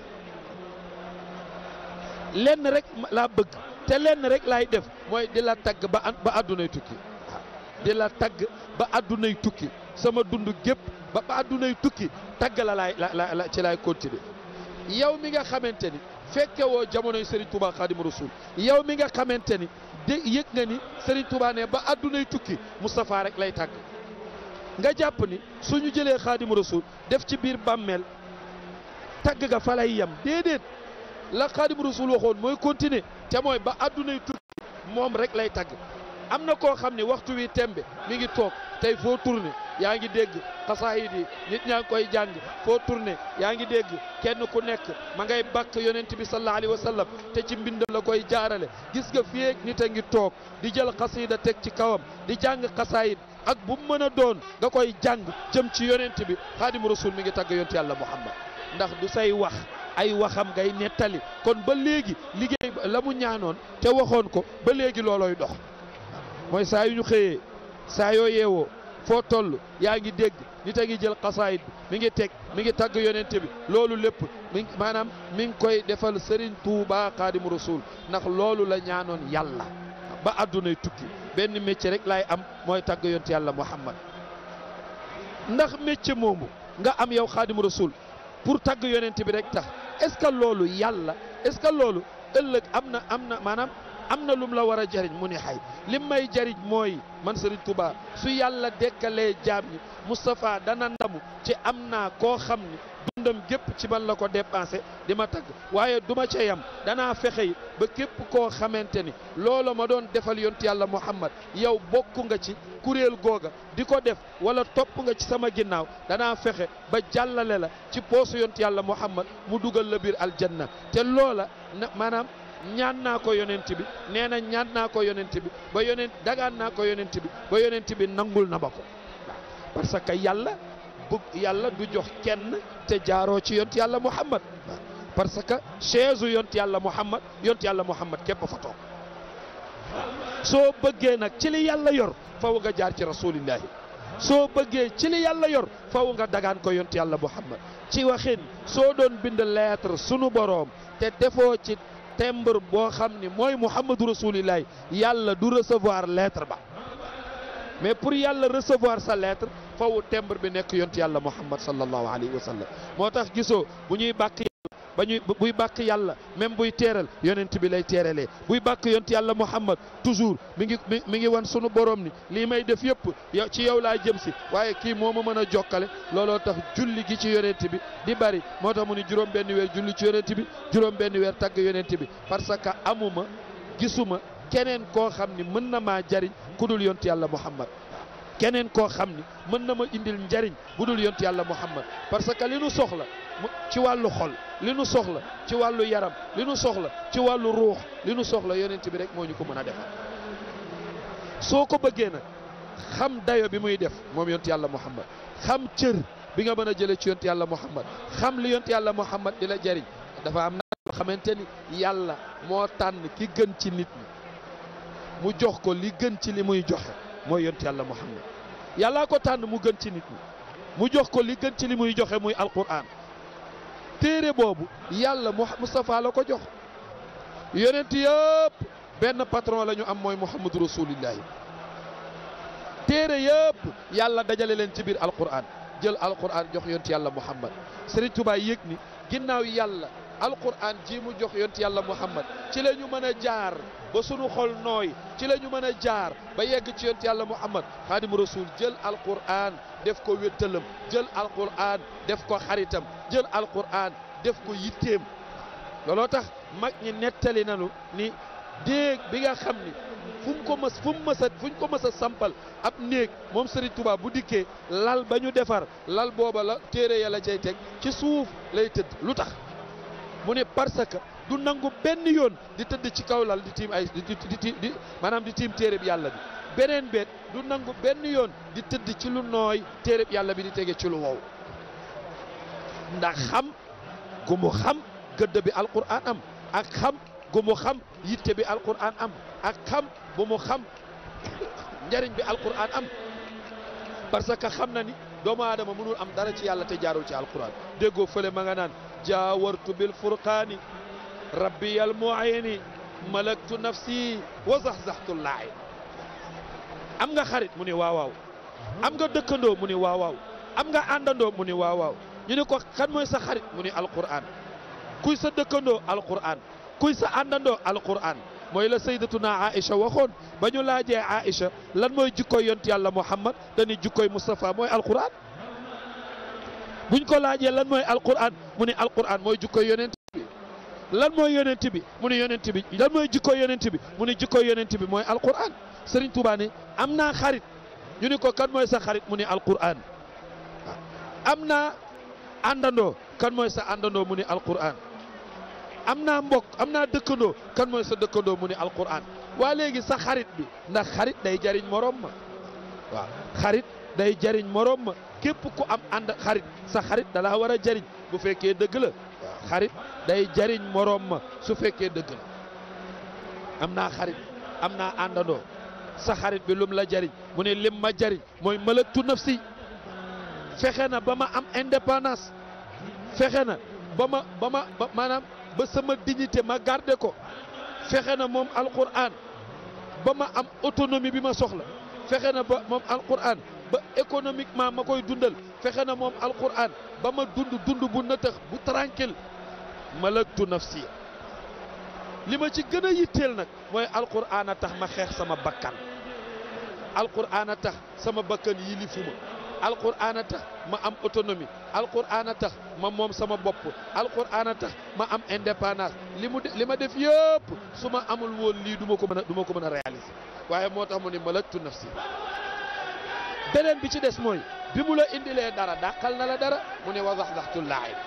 lenn rek laa bëgg te lenn rek laay def mooy di la tagg ba ba àddunay tukki di la tagg ba àddunay tukki sama dund gépp ba ba addunay tukki tagg la laay ci lay continuer yow mi nga xamante ni fekkewoo woo jamonoy Serigne Touba Khadim Rasoul yow mi nga xamante ni de yëg nga ni Serigne Touba ne ba addunay tukki Moustapha rek lay tagg nga jàpp ni suñu jëlee Khadim Rasoul def ci biir bàmmeel tagg ga fa lay yem déedéet la Khadim Rasoul waxoon mooy continuer te mooy ba addunay tukki moom rek lay tagg am na koo xam ni waxtu wi tembe mi ngi toog tey foo tourné yaa ngi dégg xasaayid yi nit ñaa ngi koy jàng foo tourné yaa ngi dégg kenn ku nekk ma ngay bàkk yonent bi sallallahu alayhi wa sallam te ci mbind la koy jaarale gis nga fii nit a ngi toog di jël xasida teg ci kawam di jàng xasaayid ak bu mu mën a doon nga koy jàng jëm ci yonent bi xaadim rasul mi ngi tagg yonent yàlla muhammad ndax du say wax ay waxam ngay nettali kon ba léegi liggéey la mu ñaanoon te waxoon ko ba léegi loolooy dox mooy saa yu ñu xëyee saa yoo yeewoo foo toll yaa ngi dégg nit a ngi jël xasaayit mi ngi teg mi ngi tagg yonent bi loolu lépp maanaam mi ngi koy defal Serigne Touba Xaadimu Rasuul ndax loolu la ñaanoon yàlla ba adduna àddunay tukki benn métier rek laay am mooy tagg yonent yàlla Muhammad ndax métier moomu nga am yow Xaadimu Rasuul pour tagg yonente bi rek tax est-ce que loolu yàlla est-ce que loolu ëllëg am na am na maanaam am na lum la war a jariñ mu ni xay lim may jariñ mooy man Serigne Touba su yàlla dekkalee jaam ñi Moustapha dana ndamu ci am na koo xam ni dundam gépp ci man la ko dépensé di ma tagg waaye duma ca yam danaa fexe ba képp koo xamante ni loolu ma doon defal yont yàlla Muhammad yow bokk nga ci kuréel googa di ko def wala topp nga ci sama ginnaaw danaa fexe ba jàllale la ci poosu yont yàlla Muhammad mu dugal la biir aljanna te loola maanaam ñaan naa ko yonent bi nee na ñaan naa ko yonent bi ba yonent dagaan naa ko yonent bi ba yonent bi nangul na ma ko parce que yàlla bëgg yàlla du jox kenn te jaaro ci yont yàlla muhammad parce que chaise yont yàlla muhammad yont yàlla muhammad képp fa toog soo bëggee nag ci li yàlla yor faw nga jaar ci rasulillahi soo bëggee ci li yàlla yor faw nga dagaan ko yont yàlla muhammad ci waxin soo doon bind lettre sunu boroom te defoo ci timbre boo xam ni mooy Muhammadu Rasulillah yàlla du recevoir lettre ba mais pour yàlla recevoir sa lettre fawu timbre bi nekk yont yàlla Muhammad sallallahu alayhi wa sallam moo tax gisoo bu ñuy bàkk ba ñuy buy bàkk yàlla même buy teeral yonent bi lay teeralee buy bàkk yonent yàlla Muhammad toujours mi ngi mi ngi wan sunu borom ni lii may def yëpp yow ci yow laa jëm si waaye kii moo ma mën a jokkale looloo tax julli gi ci yonent bi di bari moo tax mu ni juróom benn weer julli ci yonent bi juróom benn weer tàgg yonent bi parce que amuma gisuma keneen koo xam ni mën na maa jariñ ku dul yonent yàlla Muhammad keneen koo xam ni mën na ma indil njariñ bu dul yont yàlla muhammad parce que li nu soxla ci wàllu xol li nu soxla ci wàllu yaram li nu soxla ci wàllu ruux li nu soxla yonent bi rek moo ñu ko mën a defal soo ko bëggee nag xam dayo bi muy def moom yont yàlla muhammad xam cër bi nga mën a jëlee ci yont yàlla muhammad xam li yont yàlla muhammad di la jariñ dafa am na xamante ni yàlla moo tànn ki gën ci nit ñi mu jox ko li gën ci li muy joxe mooy yont yàlla Muhammad yàllaa ko tànn mu gën ci nit ñi mu jox ko li gën ci li muy joxe muy alquran téere boobu yàlla Moustapha la ko jox yonent yëpp benn patron la am mooy Muhammadu Rasulillahi téere yëpp yàlla dajale leen ci biir alquran jël alquran jox yont yàlla Muhammad Serigne Touba ni ginnaaw yàlla. alquran ji mu jox yonti yàlla muhammad ci la ñu mën a jaar ba suñu xol nooy ci la ñu mën a jaar ba yegg ci yonti yàlla muhammad xaadim rasul jël alquran def ko wéttalam jël alquran def ko xaritam jël alquran def ko yitteem looloo tax mag ñi nettali nañu ni déeg bi nga xam ni fu mu ko mës fu mu mës ko mës a sampal ab néeg moom Serigne Touba bu dikkee lal ba ñu defar lal booba la téere ya la cay teg ci suuf lay tëdd lu tax mu ne parce que du nangu benn yoon di tëdd ci kaw lal di tiim ay di di di maanaam di tiim téereb yàlla bi beneen beet du nangu benn yoon di tëdd ci lu nooy téereb yàlla bi di tege ci lu wow ndax xam gu mu xam gëdd bi alquran am ak xam gu mu xam yitte bi alquran am ak xam bu mu xam [COUGHS] njariñ bi alquran am parce que xam na ni doomu aadama mënul am dara ci yàlla te jaarul ci alquran déggoo fële ma nga naan jaawartu bil furqaani rabbi al muayini malaktu nafsi wa zaxzaxtu laayin am nga xarit mu ni waawaaw am nga dëkkandoo mu ni waawaaw am nga àndandoo mu ni waawaaw ñu ni ko kan mooy sa xarit mu ni alquraan kuy sa dëkkandoo alquraan kuy sa àndandoo alquraan mooy la sayyidatuna Aïcha waxoon ba ñu laajee Aïcha lan mooy jikkoy yont yàlla Muhammad dañuy jikkoy Mustafa mooy alquraan buñ ko laajee lan mooy alquran mu ne alquran mooy jukko yonent bi lan mooy yonent bi mu ne yonent bi lan mooy jikko yonent bi mu ne jikko yonent bi mooy alquran Serigne seriñ ne am naa xarit ñu ne ko kan mooy sa xarit mu ne alquran ah. am na àndandoo kan mooy sa àndandoo mu ne alquran am naa mbok am naa dëkkandoo kan mooy sa dëkkandoo mu ne alquran waa léegi sa xarit bi ndax xarit day jariñ morom ma waaw xarit. day jariñ moroom ma képp ku am ànd xarit sa xarit dala war a jariñ bu fekkee dëgg la xarit day jariñ moroom ma su fekkee dëgg la am naa xarit am naa àndandoo sa xarit bi lum la jariñ mu ne lim ma jariñ mooy malaktu nafsi fexe na ba ma am indépendance fexe na ba ma ba ma maanaam ba sama dignité ma garder ko fexe na moom alquran ba ma am autonomie bi ma soxla fexe na ba moom alquran ba économiquement ma koy dundal fexe na moom alquran ba ma dund dund bu nëtëx bu tranquille malaktu nafsi li ma ci gën a yitteel nag mooy alquran a tax ma xeex sama bakkan alquran a tax sama bakkan yilifu ma alquran a tax ma am autonomie alquran a tax ma moom sama bopp alquran a tax ma am indépendance li mu li ma def yëpp su ma amul woon lii du ma ko mën a du ma ko mën a réaliser waaye moo tax mu ne malaktu nafsi beneen bi ci des mooy bi mu la indilee dara dàqal na la dara mu ne wa zaxzaxtul laayib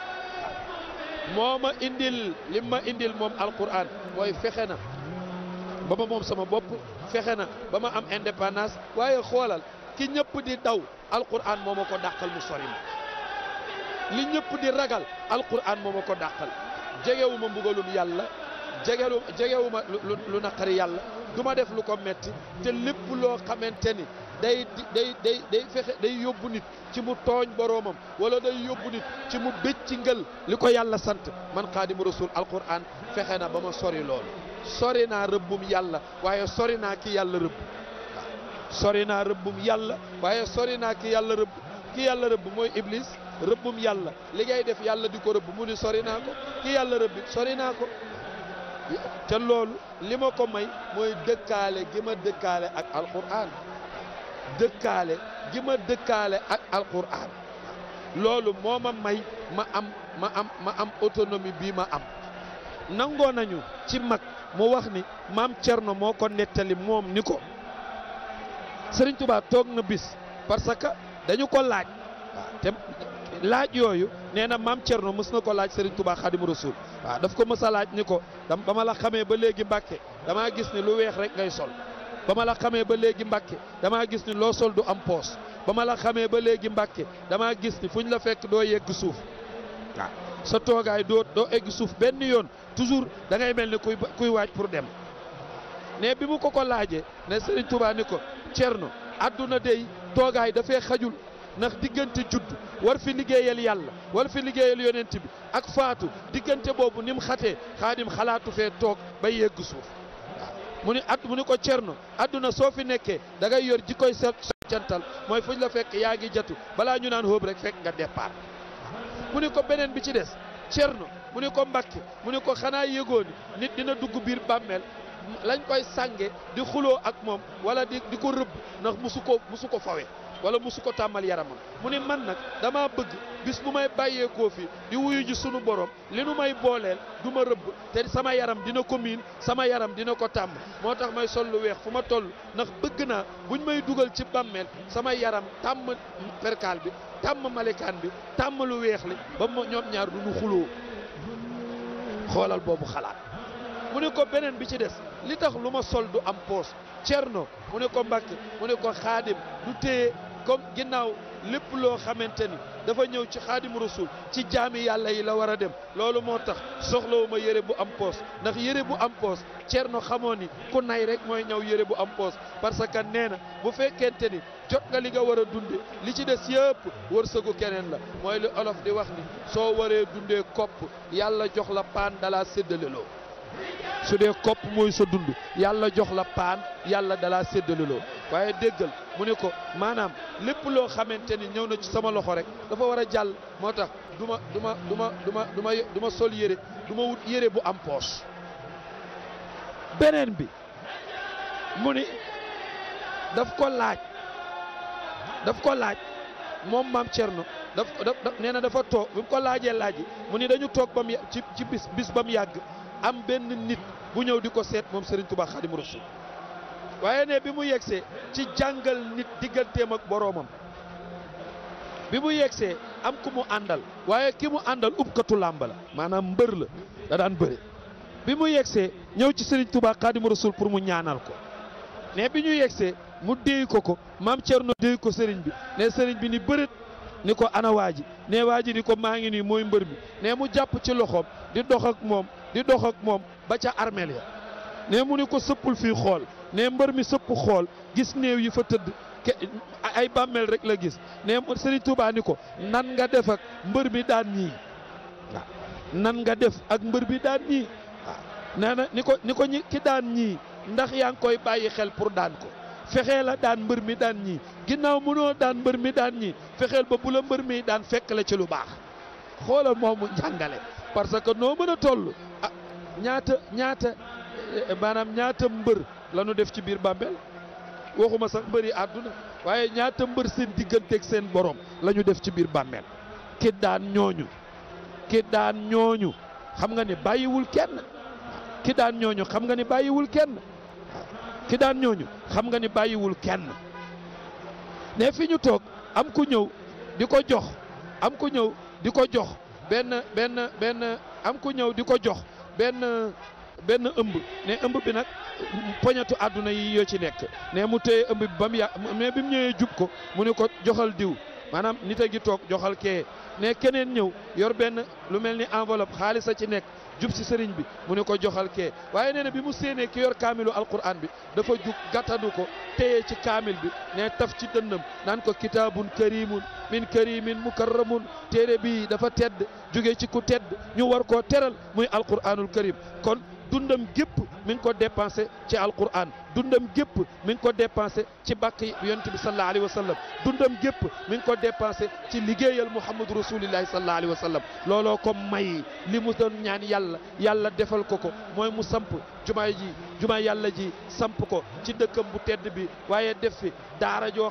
moo ma indil li ma indil moom alquran mooy fexe na ba ma moom sama bopp fexe na ba ma am indépendance waaye xoolal ki ñëpp di daw alquran moo ma ko dàqal mu sori ma li ñëpp di ragal alquran moo ma ko dàqal jegewu ma mbugalum yàlla jegelu jegewuma lu lu naqari yàlla du ma def lu ko metti te lépp loo xamante ni day day day day day yóbbu nit ci mu tooñ boroomam wala day yóbbu nit ci mu bécci ngël li ko yàlla sant man xaadimu rasul alquran fexe na ba ma sori loolu sori naa rëbbum yàlla waaye sori naa ki yàlla rëbb sori naa rëbbum yàlla waaye sori naa ki yàlla rëbb ki yàlla rëbb mooy iblis rëbbum yàlla li def yàlla di ko rëbb mu ni sori naa ko ki yàlla rëbbi sori naa ko te loolu li ma ko may mooy dëkkaale gi ma dëkkaale ak alquran dëkkaale gi ma dëkkaale ak alquran loolu moo ma may ma am ma am ma autonomie bii ma am nangoo nañu ci mag mu wax ni maam Cerno moo ko nettali moom ni ko Sëriñ Tuubaa toog na bis parce que dañu ko laaj te laaj yooyu nee na maam Thierno mës na ko laaj sëriñ Touba Xaadimu Rasuul waaw daf ko mës a laaj ni ko ba ma la xamee ba léegi Mbàkke damaa gis ni lu weex rek ngay sol ba ma la xamee ba léegi Mbàkke damaa gis ni loo sol du am poos ba ma la xamee ba léegi Mbàkke damaa gis ni fu ñu la fekk doo yegg suuf waaw sa toogaay doo doo egg suuf benn yoon toujours da ngay mel ni kuy kuy waaj pour dem ne bi mu ko ko laajee ne Serigne Touba ni ko Thierno àdduna dey toogaay dafay xajul. ndax diggante judd war fi liggéeyal yàlla war fi liggéeyal yonent bi ak faatu diggante boobu ni mu xatee xaadim xalaatu fee toog ba yegg suuf mu ni at mu ni ko cerno adduna soo fi nekkee da ngay yor ji koy cantal mooy fuñ la fekk yaa ngi jatu balaa ñu naan hóob rek fekk nga départ mu ni ko beneen bi ci des cerno mu ni ko mbàkke mu ni ko xanaa yëgoon nit dina dugg biir bàmmeel lañ koy sange di xuloo ak moom wala di ko rëbb ndax musu ko musu ko fawe wala mu su ko tàmmal yaramam mu ne man nag damaa bëgg bis bu may bàyyeekoo fi di wuyu ji sunu borom li nu may booleel du ma rëbb te sama yaram dina ko miin sama yaram dina ko tàmm moo tax may sol lu weex fu ma toll ndax bëgg naa buñ may dugal ci bàmmeel sama yaram tàmm perkaal bi tàmm malekaan bi tàmm lu weex li ba mu ñoom ñaar du xuloo xoolal boobu xalaat mu ne ko beneen bi ci des li tax lu ma sol du am poos cerno mu ne ko mbàkk mu ne ko xaadim comme ginnaaw lépp loo xamante ni dafa ñëw ci xaadim rasul ci jaami yàlla yi la war a dem loolu moo tax soxlawuma yére bu am poos ndax yére bu am poos Cerno xamoon ni ku nay rek mooy ñëw yére bu am poos parce que nee na bu fekkente ni jot nga li nga war a dunde li ci des yëpp wërsëgu keneen la mooy li olof di wax ni soo waree dundee kopp yàlla jox la paan dala séddale loo su dee kopp mooy sa dund yàlla jox la paan yàlla dalaa séddaleloo waaye déggal mu ne ko maanaam lépp loo xamante ni ñëw na ci sama loxo rek dafa war a jàll moo tax du ma du ma ma du ma sol yére duma wut yére bu am poche beneen bi mu ni daf ko laaj daf ko laaj moom maam Thierno daf nee na dafa toog bi mu ko laajee laaj yi mu ni dañu toog ba mu ci ci bis bis ba mu yàgg am benn nit bu ñëw di ko seet moom Serigne Touba Xaadimu Rasuul waaye ne bi mu yegsee ci jàngal nit digganteem ak boroomam bi mu yegsee am ku mu àndal waaye ki mu àndal ubkatu làmbala la maanaam mbër la da daan bëre bi mu yegsee ñëw ci Serigne Touba Xaadimu Rasuul pour mu ñaanal ko ne bi ñu yegsee mu déy ko ko maam Thierno déy ko Serigne bi ne sëriñ bi ni bëreet ni ko ana waa ji ne waa ji ni ko maa ngi nii mooy mbër mi ne mu jàpp ci loxoom di dox ak moom. di dox ak moom ba ca armeel ya ne mu ni ko sëppul fii xool ne mbër mi sëpp xool gis néew yi fa tëdd ay bàmmeel rek la gis ne Sëriñ Tuubaa ni ko nan nga def ak mbër mi daan ñii waaw nan nga def ak mbër mi daan ñii waaw na ni ko ni ko ñi ki daan ñii ndax yaa ngi koy bàyyi xel pour daan ko fexee la daan mbër mi daan ñii ginnaaw mënoo daan mbër mi daan ñii fexeel ba bu la mbër mi daan fekk la ci lu baax xoolal moomu njàngale parce que noo mën a toll ñaata ñaata maanaam ñaata mbër lañu def ci biir bàmbeel waxuma sax mbër yi àdduna waaye ñaata mbër seen digganteeg seen borom la ñu def ci biir bàmmeel ki daan ñooñu ki xam nga ni bàyyiwul kenn ki daan ñooñu xam nga ni bàyyiwul kenn ki daan ñooñu xam nga ni bàyyiwul kenn ne fi ñu toog am ku ñëw di ko jox am ku ñëw di ko jox benn benn benn am ku ñëw di ko jox benn benn ëmb ne ëmb bi nag poñatu àdduna yi yoo ci nekk ne mu téye ëmb bam ba mu yàgg mais bi mu ñëwee jub ko mu ne ko joxal diw maanaam nit a ngi toog joxal kee ne keneen ñëw yor benn lu mel ni enveloppe xaalis ci nekk jub si sëriñ bi mu ne ko joxal kee waaye nee na bi mu séenee ki yor kaamilu alquran bi dafa jóg gàttanu ko téye ci kaamil bi ne taf ci dënnam naan ko kitaabun karimun min karimin mukarramun téere bi dafa tedd jóge ci ku tedd ñu war koo teral muy alquranul karim kon dundam gépp mi ngi ko dépensé ci alquran dundam gépp mi ngi ko dépensé ci bàkk yonent bi sallallahu alayhi wa sallam dundam gépp mi ngi ko dépensé ci liggéeyal Muhammadu rasulillahi sallallahu alayhi wa sallam looloo ko may li mu doon ñaan yàlla yàlla defal ko ko mooy mu samp jumaa ji jumaa yàlla ji samp ko ci dëkkam bu tedd bi waaye def fi daara joo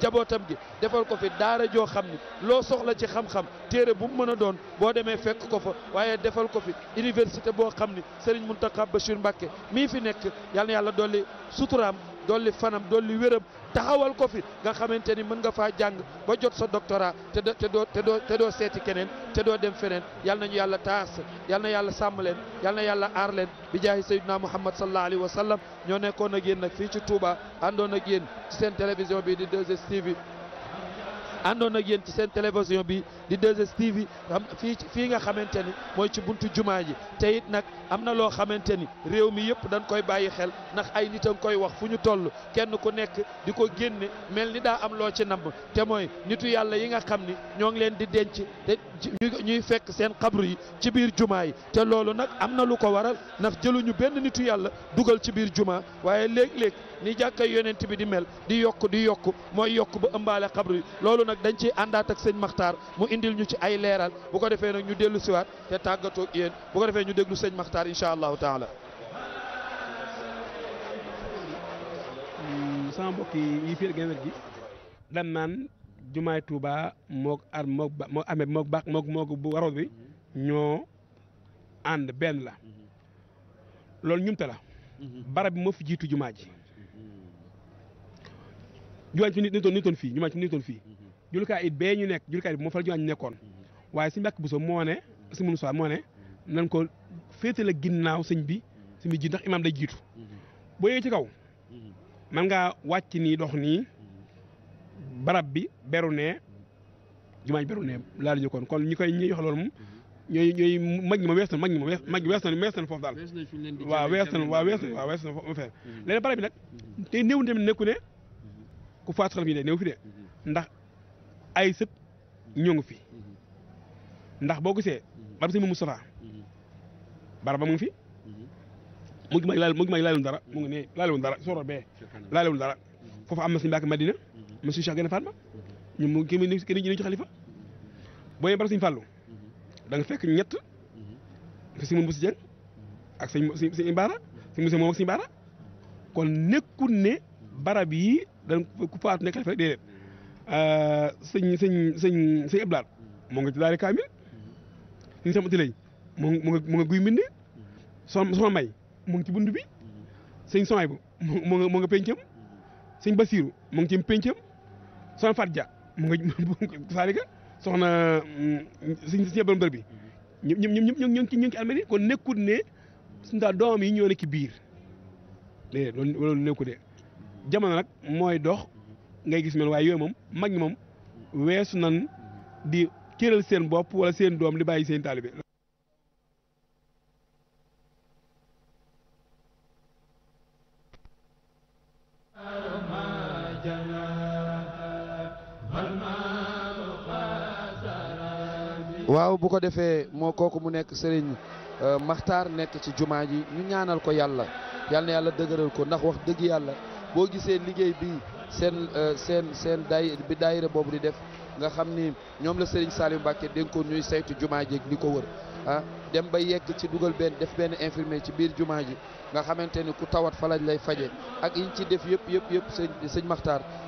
jabootam gi defal ko fi daara joo xam ni loo soxla ci xam-xam téere bu mu mën a doon boo demee fekk ko fa waaye defal ko fi université boo xam ni Serigne Mountakha Bachir dolli suturaam dolli fanam dolli wéram taxawal ko fi nga xamante ni mën nga faa jàng ba jot sa doctorat te doo te doo te doo seeti keneen te doo dem feneen yal nañu yàlla taas yal na yàlla sàmm leen yal na yàlla aar leen bi jaahi sayyidina Muhammad sallallahu alayhi wa sallam ñoo nekkoon a génn nag fii ci Touba àndoon ak génn ci seen télévision bi di 2STV àndoon ak yéen ci seen télévision bi di 2STV am fii fii nga xamante ni mooy ci buntu jumaa ji teyit nag am na loo xamante ni réew mi yëpp dañ koy bàyyi xel ndax ay nit a ngi koy wax fu ñu toll kenn ku nekk di ko génne mel ni daa am loo ci namb te mooy nitu yàlla yi nga xam ni ñoo ngi leen di denc te ñuy fekk seen xabru yi ci biir jumaa yi te loolu nag am na lu ko waral ndax jëluñu benn nitu yàlla dugal ci biir jumaa waaye léeg-léeg ni jàkka yonent bi di mel di yokk di yokk mooy yokk ba dañ ci àndaatak ak sëñ Maxtaar mu indil ñu ci ay leeral bu ko defee nag ñu dellu siwaat te tàggatoo ak yéen bu ko defee ñu déglu sëñ Maxtaar incha allahu taala. Hmm, sama mbokk yi fii Gaynde gi dan naan jumaay Touba moog ar moog ba moog amee moog baax moog moog bu waroon bi ñoo ànd benn la loolu ñumte la. barab moo fi jiitu jumaa ji. jumaa ci nit fii jumaa ci nitoon fii jullukaay it bee ñu nekk jullukaay bi moo fal ñu nekkoon mm-hmm. waaye suñu mbàkk buso moo ne si munu soi moo ne nan ko féete la ginnaaw sëñ bi sëñ bi ji ndax imaam day jiitu mm-hmm. boo yëgee ci kaw man mm-hmm. ngaa wàcc nii dox nii barab bi beru ne jumaa ji beru nee laa ñu kon kon ñi koy ñuy wax loolu moom ñooy ñooy mag ñi ma wees na mag ñi ma mag ñi wees na wees na foofu daal waaw wees na waaw wees na waaw wees na foofu léegi barab bi nag te néew tamit nekku ne ku faatu xel fi de néew fi de ndax ay sët ñoo ngi fi mhm. ndax boo gisee mhm. barab sëñ Moustapha mhm. mu ngi fi mu ngi mag laal mu ngi mag laalewul dara mu ngi ne laalewul dara soro bee laalewul dara foofu am na si Mbàkke Madina monsieur Cheikh Gana mu kii ni kii ni ci xalifa boo yee barab sëñ Fallou da fekk ñett fi sëñ Moussa Dieng ak sëñ sëñ ne barab yi dañ ku nekk xalifa déedéet Euh, sëñ sëñ sëñ sëñ Ablaat moo nga ci daari kaamil ñu sama tilay mu mu nga guy mbinde soxna may mu ngi ci bund bi sëñ Soxna bu mu nga mu nga sëñ Basiiru mu ngi ci pencam soxna Faat Ja mu nga [LAUGHS] saarika soxna mm, ñoom ñoom ñoom ñoom ñoo ci almeri kon nekkut ne suñu daal doom yi ñoo nekk biir déedéet de jamono nag mooy dox. ngay gis mel waaye moom mag moom weesu nan di cëral seen bopp wala seen doom di bàyyi seen taalibe waaw bu ko defee moo kooku mu nekk Serigne euh, Makhtar nekk ci jumaa ji ñu ñaanal ko yàlla yàlla yàlla dëgëral ko ndax wax dëgg yàlla boo gisee liggéey bi Euh, seen seen seen daay bi daayira boobu di def nga xam ni ñoom la Serigne Saliou Mbacké dénkoon ñuy seytu jumaa ji ak ko wër ah dem ba yegg ci dugal benn def benn infirmier ci biir jumaa ji nga xamante ni ku tawat fa lañ lay faje ak yiñ ci def yëpp yëpp sëñ sëñ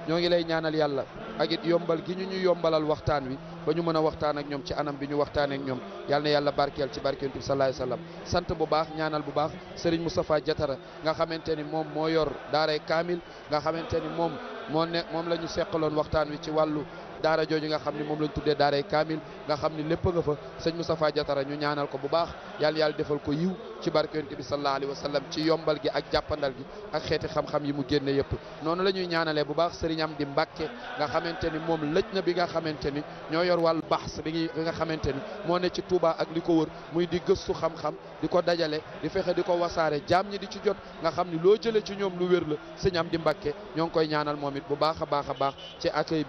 ñoo ngi lay ñaanal yàlla ak yombal gi ñu ñu yombalal waxtaan wi ba ñu mën a waxtaan ak ñoom ci anam bi ñu waxtaaneek ñoom yal na yàlla barkeel ci barkeentu bi salaay salaam sant bu baax ñaanal bu baax Serigne Moustapha Jatara nga xamante ni moom moo yor daaray kaamil nga xamante ni moom moo ne moom la ñu seqaloon waxtaan wi ci wàllu daara jooju nga xam ne moom lañ tuddee daaray kaamil xam ne lépp nga fa sëñ Moustapha Diatara ñu ñaanal ko bu baax yàlla yàlla defal ko yiw ci barke yonent bi sallallahu alayhi wa sallam ci yombal gi ak jàppandal gi ak xeeti xam-xam yi mu génne yëpp noonu la ñuy ñaanalee bu baax sëriñ Amdi Mbàkke nga xamante ni moom lëj na bi nga xamante ni ñoo yor wàllu baax bi nga xamante ni moo ne ci Touba ak li ko wër muy di gëstu xam-xam di ko dajale di fexe di ko wasaare jaam ñi di ci jot nga xam ni loo jëlee ci ñoom lu wér la sëriñ Amdi Mbàkke ñoo ngi koy ñaanal moom it bu baax a baax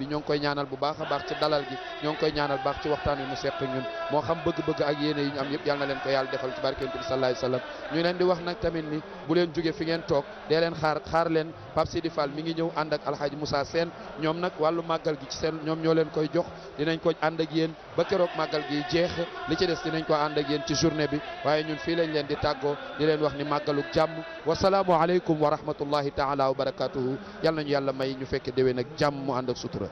ñoo koy ñaanal baax a baax ci dalal gi ñoo ngi koy ñaanal baax ci waxtaan wi mu seq ñun moo xam bëgg-bëgg ak yéene yi ñu am yëpp yal na leen ko yàlla defal ci barkent bi sallallahu alayhi wasallam leen di wax nag tamit ni bu leen jóge fi ngeen toog dee leen xaar xaar leen Pape Sidi Fall mi ngi ñëw ànd ak alxaaji Moussa Sène ñoom nag wàllu màggal gi ci seen ñoom ñoo leen koy jox dinañ ko ànd ak yéen ba keroog màggal gi jeex li ci des dinañ ko ànd yéen ci journée bi waaye ñun fii lañ leen di tàggoo di leen wax ni màggalu jàmm wasalaamu aleykum wa rahmatullahi taala wa barakatuhu yàlla nañu yàlla may ñu fekk déwén ak jàmm mu ànd ak sutura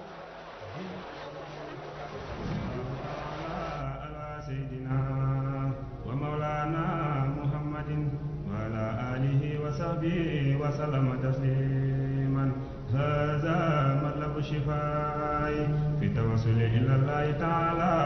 الله تعالى